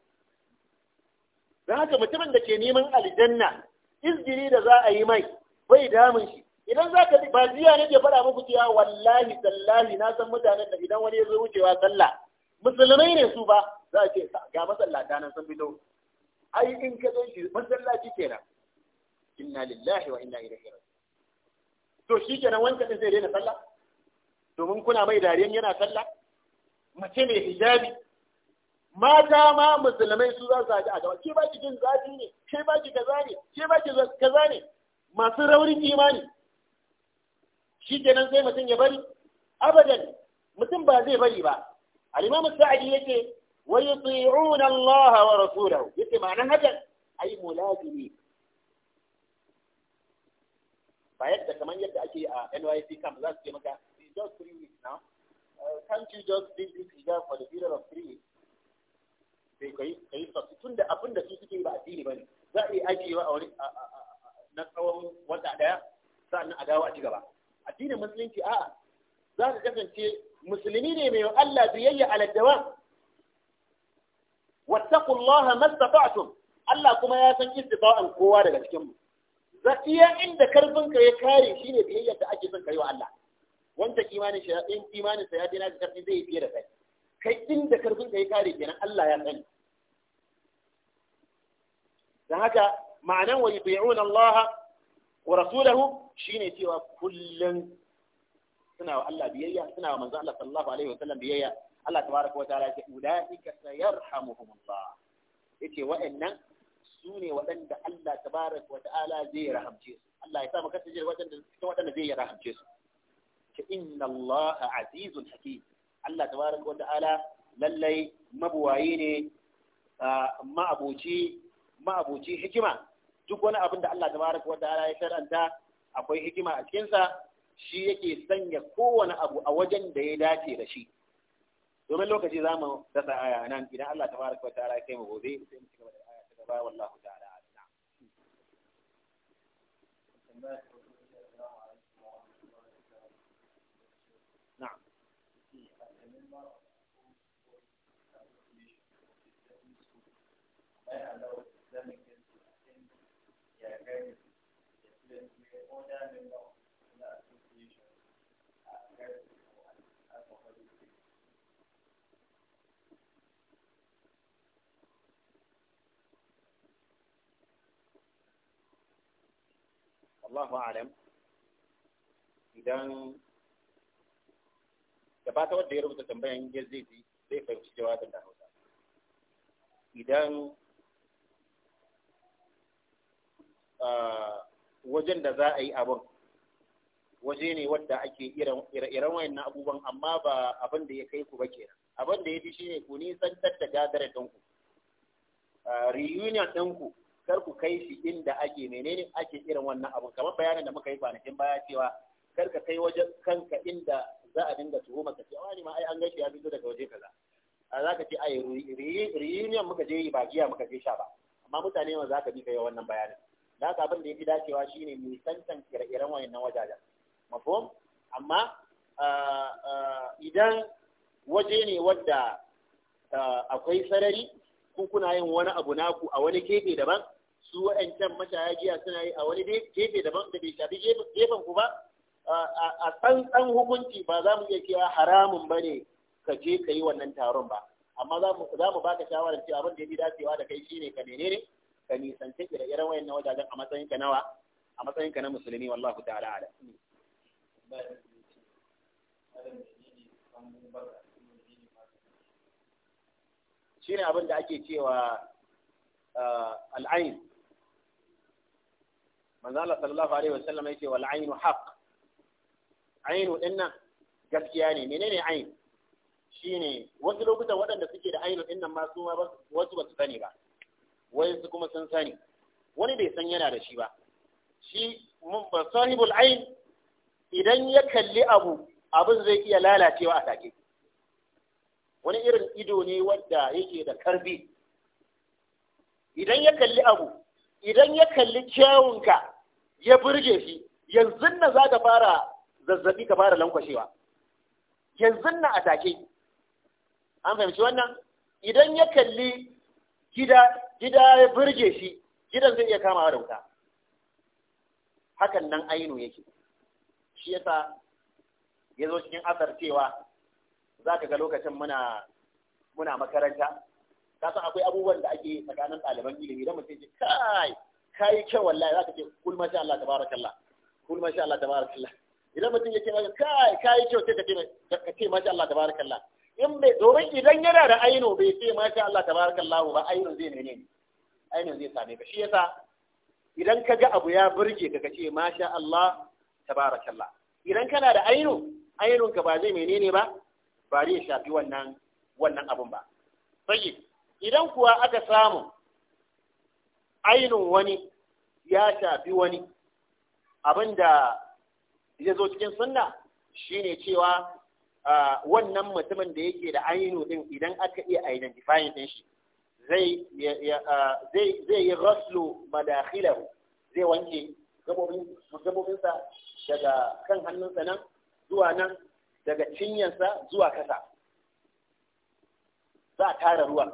don haka mutumin da ke neman aljanna izgiri da za a yi mai bai damun shi idan za ka ba ziya ne ke faɗa muku cewa wallahi sallahi na san mutanen da idan wani ya zo wucewa sallah musulmai ne su ba za a ce ga masallata nan sun fito ai in ka zo shi masallaci kenan inna lillahi wa inna ilaihi raji'un to shi kenan wanka din zai daina sallah domin kuna mai dariyan yana sallah mace mai hijabi mata ma musulmai su za su haɗu a gaba ke ba ki jin zafi ne ke ba ki kaza ne ke ba ki kaza ne masu raurin imani shi kenan sai mutum ya bari abadan mutum ba zai bari ba al'imamu sa'adi yake wa yuti'una Allah wa rasulahu yace ma'anan hakan ai mulazimi ba yadda kamar yadda ake a NYC camp za su ce maka just three weeks now uh, can't you just leave for the period of three weeks sai kai kai fasu tunda abin da su suke ba addini ne, za a yi ajiyewa a wani na tsawon wata ɗaya, sa'annan a dawo a ci gaba addinin musulunci a'a za ka kasance musulmi ne mai Allah biyayya ala dawa wattaqullaha mastata'tum Allah kuma ya san istifa'an kowa daga cikin mu zakiya inda karfin ka ya kare shine biyayya da ake son kai wa Allah wanda kimanin shayatin kimanin sayatin na karfin zai fiye da kai kai inda karfin ka yi kare kenan Allah ya sani Da haka ma'anan wa yuti'una Allah wa rasulahu shine cewa kullun suna wa Allah biyayya suna wa manzo Allah sallallahu alaihi wa sallam biyayya Allah tabaraka wa ta'ala ya ce ulaika sayarhamuhumullah yace wa'annan su ne waɗanda Allah tabaraka wa ta'ala zai rahamce su Allah ya sa maka tajir waɗanda cikin waɗanda zai rahamce su ke inna Allah azizun hakim Allah tabaraka ta'ala lallai mabuwayi ne ma'abuci ma'abuci hikima duk wani abin da Allah tabaraka ta'ala ya shar'anta akwai hikima a cikin sa shi yake sanya kowane abu a wajen da ya dace da shi domin lokaci za mu dasa aya nan idan Allah tabaraka ta'ala ya kai mu gobe sai mu
cigaba gaba da aya ta gaba wallahu ta'ala a'lam
Allahu alam idan da fata wadda ya rubuta tambayan ya zai zai fahimci jawabin da hausa idan wajen da za a yi abin waje ne wadda ake irin wayan wayannan abubuwan amma ba abin da ya kai ku ba kenan abin da ya fi shine ku nisantar da gadare ɗinku reunion ɗinku kar ku kai shi inda ake menene ake irin wannan abin kamar bayanin da muka yi kwanakin baya cewa kar ka kai wajen kanka inda za a dinga tuho maka ce wani ma ai an gaishe ya fito daga waje kaza a za ka ce ai reunion muka je yi ba giya muka je sha ba amma mutane ma za ka bi ka yi wannan bayanin da haka abin da ya fi dacewa shine mu santan kira iren wayannan wajajen mafhum amma idan waje ne wadda akwai sarari ko kuna yin wani abu naku a wani gefe daban su waɗancan mashaya giya suna yi a wani gefe daban da bai shafi gefen ku ba a tsantsan hukunci ba za mu iya cewa haramun ba ne ka je ka yi wannan taron ba amma za mu ba ka shawarar cewa abin da ya fi dacewa da kai shine ka menene ka da ire-iren wayannan wajajen a matsayin ka nawa a matsayin ka na musulmi wallahu ta'ala ala shine abin da ake cewa uh, al'ain manzo Allah sallallahu alaihi wasallam yace wal ainu haqq ainu dinnan gaskiya ne menene ain shine wasu lokutan waɗanda suke da ainu dinnan ma su ma wasu ba su sani ba su kuma sun sani wani bai san yana da shi ba shi sahibul ain idan ya kalli abu abin zai iya lalacewa a take wani irin ido ne wanda yake da karbi idan ya kalli abu idan ya kalli kyawunka ya burge shi yanzu na za ka fara zazzabi ka fara lankwashewa yanzu na a take an fahimci wannan idan ya kalli gida gida ya burge shi gidan zai iya kama da wuta hakan nan ainihin yake shi yasa ya zo cikin asar cewa za ka ga lokacin muna muna makaranta ka san akwai abubuwan da ake tsakanin ɗaliban ilimi don mutum ce kai kai kyau wallahi za ka ce kul masha Allah tabarakallah kul masha Allah tabarakallah idan mutum ya ce kai kai kyau sai ka ce masha Allah tabarakallah in bai domin idan yana da aino bai ce ma sha Allah tabarakallahu ba aino zai menene aino zai same ka shi yasa idan ka ga abu ya burge ka ce ma sha Allah tabarakallah idan kana da aino aino ka ba zai menene ba ba zai shafi wannan wannan abun ba sai idan kuwa aka samu aino wani ya shafi wani abinda ya zo cikin sunna shine cewa wannan mutumin da yake da ainihin din idan aka iya identifying din shi zai zai yi raslu madakhilahu zai wanke gabobinsa daga kan hannunsa nan zuwa nan daga cinyarsa zuwa kasa za a tara ruwan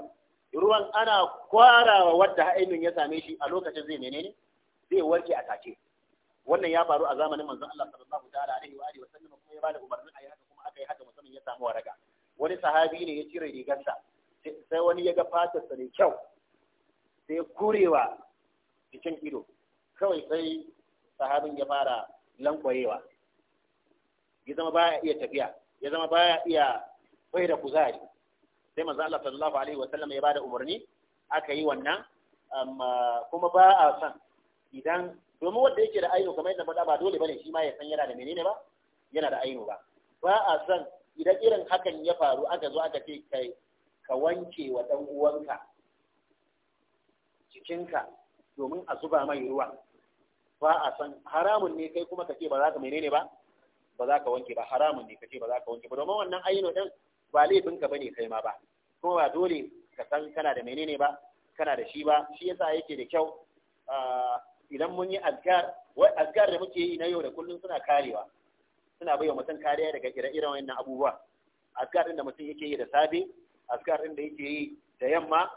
ruwan ana kwarawa wadda ainihin ya same shi a lokacin zai menene zai warke a take wannan ya faru a zamanin manzon Allah sallallahu sahabi ne ya cire rigarsa sai wani ya ga fatarsa da kyau sai ya kurewa cikin ido kawai sai sahabin ya fara lankwayewa ya zama baya iya tafiya ya zama baya iya bai da kuzari sai manzo Allah sallallahu alaihi wa sallam ya bada umarni aka yi wannan amma kuma ba a san idan domin wanda yake da aino kamar yadda faɗa ba dole bane shi ma ya san yana da menene ba yana da aino ba ba a san idan irin hakan ya faru aka zo aka ce kai ka wanke wa ɗan uwanka cikinka domin a zuba mai ruwa ba a san haramun ne kai kuma ka ce ba za ka menene ba ba za ka wanke ba haramun ne ka ce ba za ka wanke ba domin wannan ayyuka ɗin ba laifinka ba ne kai ma ba kuma ba dole ka san kana da menene ba kana da shi ba shi yasa yake da kyau ah, idan mun yi azkar wai azkar da muke yi na yau da kullum suna karewa suna baiwa mutum kariya daga ire-iren wannan abubuwa azkar din da mutum yake yi da safe azkar din da yake yi da yamma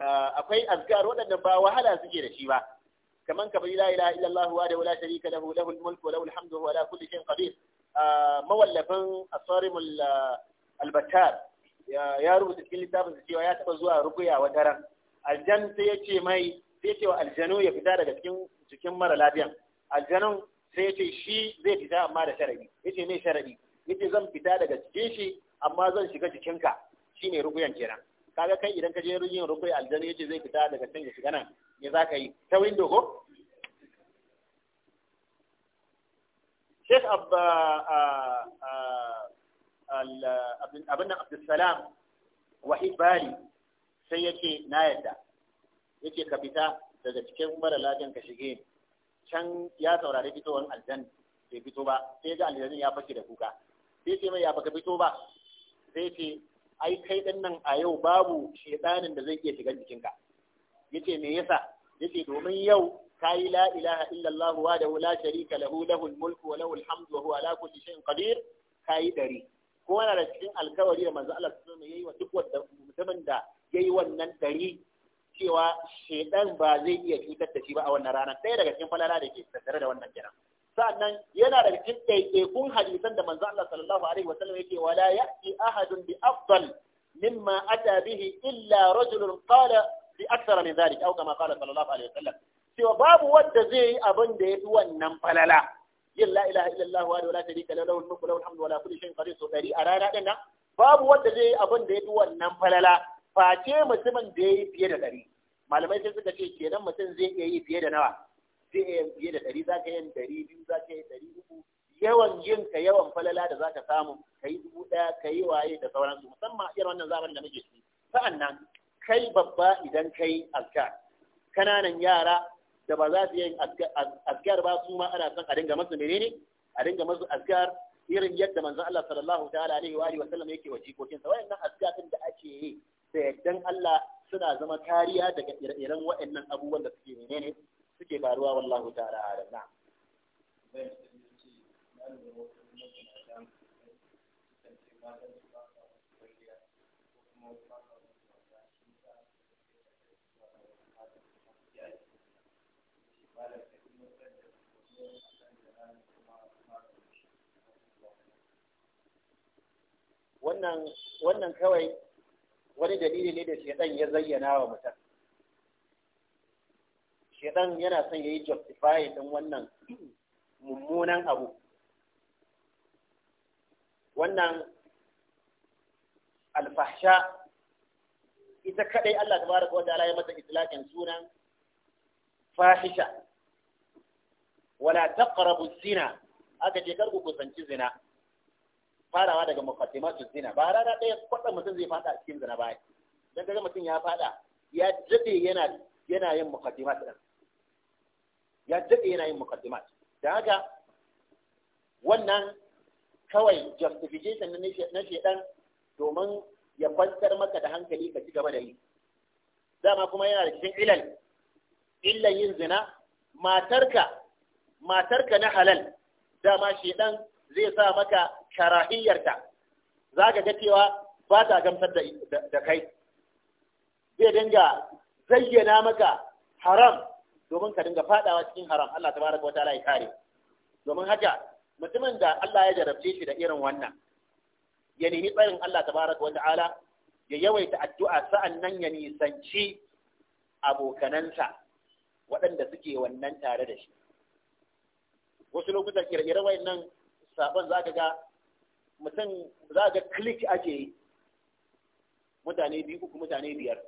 ah, akwai azkar waɗanda ba wahala suke da shi ba kaman ka bari la ilaha illallah wa la sharika lahu lahul mulku wa lahul hamdu wa la kulli shay'in qadir ah, mawallafin asarimul ah, albattar ya rubuta cikin littafin sa cewa ya taba zuwa rukuya wa daren aljan sai ya ce mai sai ce wa aljanu ya fita daga cikin cikin mara lafiyan aljanun sai ya ce shi zai fita amma da sharadi ya ce mai sharadi ya ce zan fita daga cikin shi amma zan shiga jikinka shi ne rukuyan kenan kaga kai idan ka je yin rukuyi aljanu ya ce zai fita daga can ya shiga nan me za ka yi ta window ko Sheikh Abba abin nan Abdulsalam Wahid Bari sai yake na yadda yake ka fita daga cikin mara lafiyan ka shige ni can ya saurari fitowar aljan bai fito ba sai ga aljanin ya fashe da kuka sai ce mai ya baka fito ba sai ce ai kai din nan a yau babu shedanin da zai iya shiga jikinka yace me yasa yace domin yau kai la ilaha illallah wa da la sharika lahu lahul mulku wa lahul hamdu wa huwa ala kulli shay'in qadir kai dari ko yana da cikin alkawari da manzo Allah sallallahu alaihi sallam yayi wa duk wanda mutumin da yayi wannan dari cewa shedan ba zai iya cutar da shi ba a wannan rana ɗaya daga cikin falala da ke tattare da wannan kenan sannan yana daga cikin ɗaiɗaikun hadisan da manzo Allah sallallahu alaihi wasallam yake wala ya'ti ahadun bi afdal mimma ata bihi illa rajulun qala bi akthara min dhalik aw kama qala sallallahu alaihi wasallam cewa babu wanda zai yi abin da yafi wannan falala yin la ilaha illallah wa la sharika lahu lahul mulku lahul hamdu wa la kulli shay'in qadir so dari a rana din nan babu wanda zai yi abin da yafi wannan falala face mutumin da ya yi fiye da ɗari malamai sai suka ce kenan mutum zai iya yi fiye da nawa zai iya yin fiye da ɗari za ka yin ɗari biyu za ka yi ɗari uku yawan yin ka yawan falala da za ka samu ka yi dubu ɗaya ka yi waye da sauransu musamman irin wannan zamanin da muke ciki sa'annan kai babba idan kai azkar kananan yara da ba za su yi azkar ba su ma ana son a dinga masu menene a dinga masu azkar irin yadda manzon Allah sallallahu ta'ala alaihi wa alihi wa sallam yake wajibokin sa wayannan azkar din da ake yi da yaddan Allah suna zama kariya daga ire-iren waɗannan abubuwan da suke menene suke faruwa wallahu ta'ala alam na wannan kawai wani dalili ne da shaidan ya zayyana wa mutum shaidan yana son ya yi justify din wannan mummunan abu wannan alfahsha ita kadai Allah ta baraka wata ya mata itlaqin sunan fahisha wala taqrabu zina aka ce kar kusanci zina farawa daga su zina ba rana ɗaya kwaɗa mutum zai fada a cikin zina ba dan kaga mutum ya fada ya dade yana yana yin su ɗan, ya dade yana yin su Da haka wannan kawai justification na ɗan domin ya kwantar maka da hankali ka ci gaba da yi dama kuma yana da cikin ilal illan yin zina matarka matarka na halal dama ɗan. zai sa maka karahiyarta za ka ga cewa ba ta gamsar da kai zai dinga zayyana maka haram domin ka dinga fadawa cikin haram Allah tabaraka wa ta'ala ya kare domin haka mutumin da Allah ya jarabce shi da irin wannan ya nemi tsarin Allah tabaraka wa ta'ala ya yawaita addu'a sa'an nan ya nisanci abokanansa waɗanda suke wannan tare da shi wasu lokutan ire-iren wayannan sabon za ka ga mutum za ga klik ake yi mutane biyu uku mutane biyar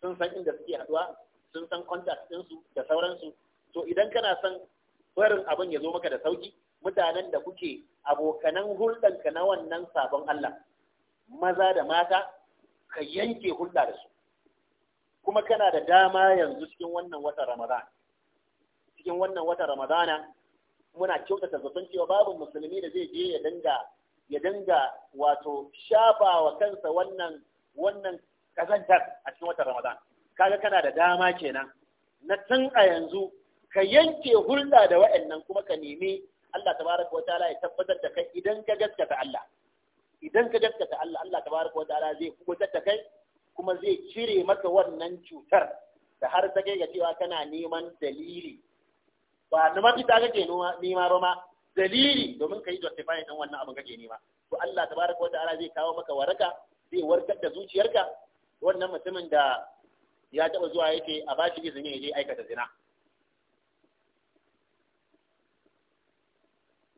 sun san inda suke haduwa sun san contact ɗinsu da sauransu to idan kana son barin abin ya zo maka da sauki mutanen da kuke abokanan hulɗanka na wannan sabon Allah maza da mata ka yanke hulɗa da su kuma kana da dama yanzu cikin wannan wata ramadana cikin wannan watan Ramadana muna kyautata zaton cewa babu musulmi da zai je ya danga ya danga wato shafa wa kansa wannan wannan kazantar a cikin watan Ramadan kaga kana da dama kenan na tun a yanzu ka yanke hulɗa da wa'annan kuma ka nemi Allah tabaraka wa ta'ala ya tabbatar da kai idan ka gaskata Allah idan ka gaskata Allah Allah tabaraka wa ta'ala zai kubutar da kai kuma zai cire maka wannan cutar da har ta kai ga cewa kana neman dalili ba na ta kake nema ba ma dalili domin ka yi justify ɗan wannan abin kake nema to Allah tabaraka ta'ala zai kawo maka waraka zai warkar da zuciyarka wannan mutumin da ya taba zuwa yake a bashi izini ya je aikata zina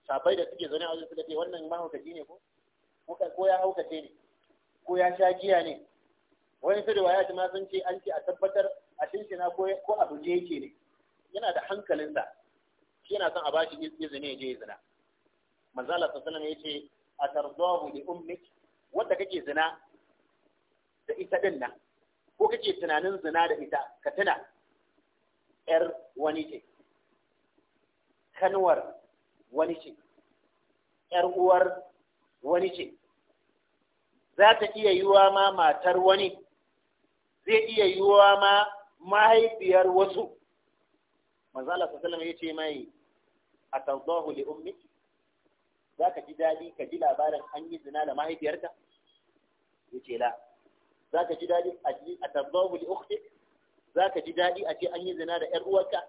safai da suke zaune a wajen suka ce wannan mahaukaci ne ko ko ya haukace ne ko ya sha giya ne wani ya riwaya ma sun ce an ce a tabbatar a shinshina ko abu buje yake ne yana da hankalinsa yana son a bashi izini ya je ya zina manzala Allah sallallahu alaihi a yace atardahu li ummik wanda kake zina da ita din nan ko kake tunanin zina da ita ka tuna yar wani ce kanwar wani ce yar uwar wani ce za ta iya yiwa ma matar wani zai iya yiwa ma mahaifiyar wasu manzala Allah sallallahu alaihi wasallam yace mai atardahu li ummi zaka ji dadi ka ji labarin an yi zina da mahaifiyarka yace la zaka ji dadi a ji atardahu li ukhti zaka ji dadi a ce an yi zina da yar uwarka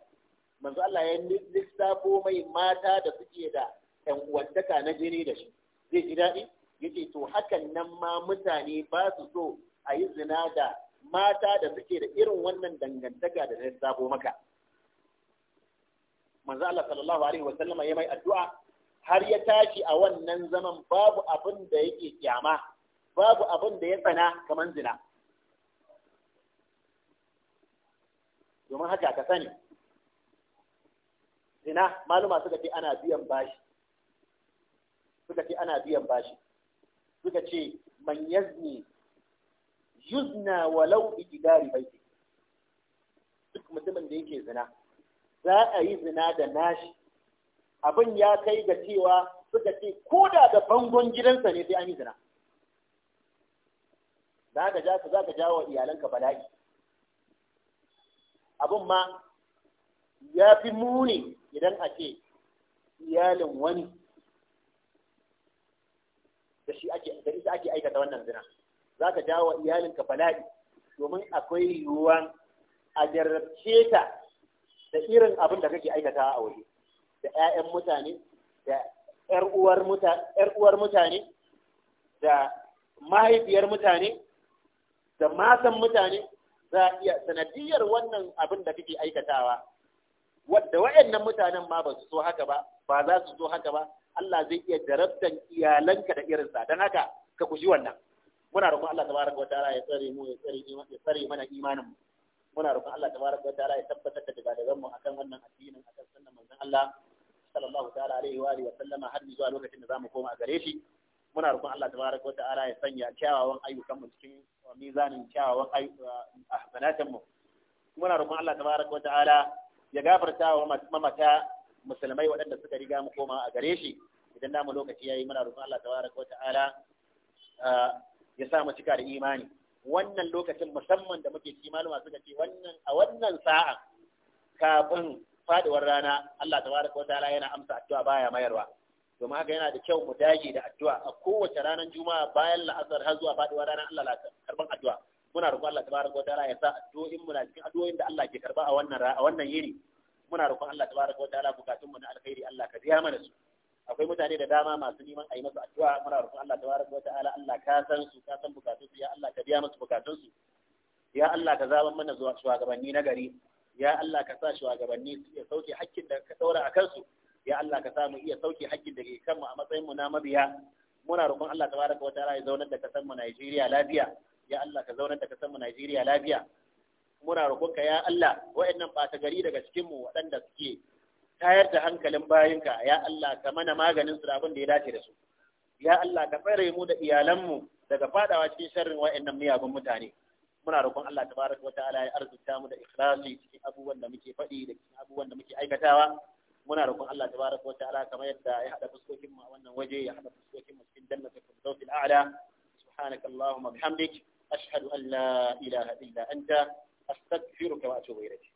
manzo Allah ya lissafo mai mata da suke da ƴan uwantaka na jini da shi zai ji dadi yace to hakan nan ma mutane ba su so a yi zina da mata da suke da irin wannan dangantaka da na lissafo maka manzo Allah sallallahu alaihi wasallam ya mai addu'a har ya tashi a wannan zaman babu abin da yake kyama babu abin da ya tsana kaman zina domin haka ka sani zina maluma suka ce ana biyan bashi suka ce ana biyan bashi suka ce man yazni yuzna walau bi gidari baiti duk mutumin da yake zina za a yi zina da nashi abin ya kai ga cewa suka ce ko da da bangon gidansa ne sai an yi zina za ka ja za ka jawo iyalanka bala'i abin ma ya fi muni idan a ce iyalin wani da shi ake da ita ake aikata wannan zina za ka jawo iyalinka bala'i domin akwai yiwuwan a jarrabce ta da irin abin da kake aikata a waje da 'ya'yan mutane da 'yar uwar mutane da mahaifiyar mutane da matan mutane za a iya sanadiyar wannan abin da kake aikatawa wadda wa'annan mutanen ma ba su so haka ba ba za su so haka ba Allah zai iya jarabtan iyalanka da irinsa don haka ka guji wannan muna kuma Allah tabaraka wa ta'ala ya tsare mu ya tsare mana imanin mu muna roƙon Allah tabaraka wa ta'ala ya tabbatar da dagadan mu akan wannan addinin akan sunnan manzon Allah sallallahu ta'ala alaihi wa alihi wa sallama har zuwa lokacin da zamu koma gare shi muna roƙon Allah tabaraka wa ta'ala ya sanya kyawawan ayyukan mu cikin mizanin kyawawan ahsanatan mu muna roƙon Allah tabaraka wa ta'ala ya gafarta wa mamata musulmai waɗanda suka riga mu koma a gare shi idan namu lokaci yayi muna roƙon Allah tabaraka wa ta'ala ah, ya sa mu cika da imani wannan lokacin musamman da muke ci malama suka ce wannan a wannan sa'a kafin faduwar rana Allah tabaraka wa ta'ala yana amsa addu'a baya mayarwa domin haka yana da kyau mu dage da addu'a a kowace ranar juma'a bayan la'asar har zuwa faduwar rana Allah la karban addu'a muna roƙon Allah tabaraka wa ta'ala ya sa addu'o'in mu na cikin addu'o'in da Allah ke karba a wannan a wannan yiri muna roƙon Allah tabaraka wa ta'ala bukatun mu na alkhairi Allah ka biya mana su akwai mutane da dama masu neman a yi masu addu'a muna roƙon Allah tabaraka wata'ala Allah ka san su ka san bukatun su ya Allah ka biya musu bukatun su ya Allah ka zaban mana zuwa shugabanni na gari ya Allah ka sa shugabanni su iya sauke hakkin da ka daura a kansu ya Allah ka sa mu iya sauke hakkin da ke kanmu a matsayin mu na mabiya muna roƙon Allah tabaraka wata'ala ya zaunar da kasar mu Najeriya lafiya ya Allah ka zaunar da kasar mu Najeriya lafiya muna ka ya Allah wa'annan ɓata gari daga cikin mu waɗanda suke tayar da hankalin bayinka ya Allah ka mana maganin su da abin da ya dace da su ya Allah ka tsare mu da iyalanmu daga fadawa cikin sharrin wa'annan miyagun mutane muna roƙon Allah tabaraka wata'ala ya arzuta mu da ikhlasi cikin abubuwan da muke faɗi da cikin abubuwan da muke aikatawa muna roƙon Allah tabaraka wata'ala kamar yadda ya hada fuskokin mu a wannan waje ya hada fuskokin mu cikin jannatul firdausil a'la subhanaka allahumma bihamdik ashhadu an la ilaha illa anta astaghfiruka wa atubu ilayk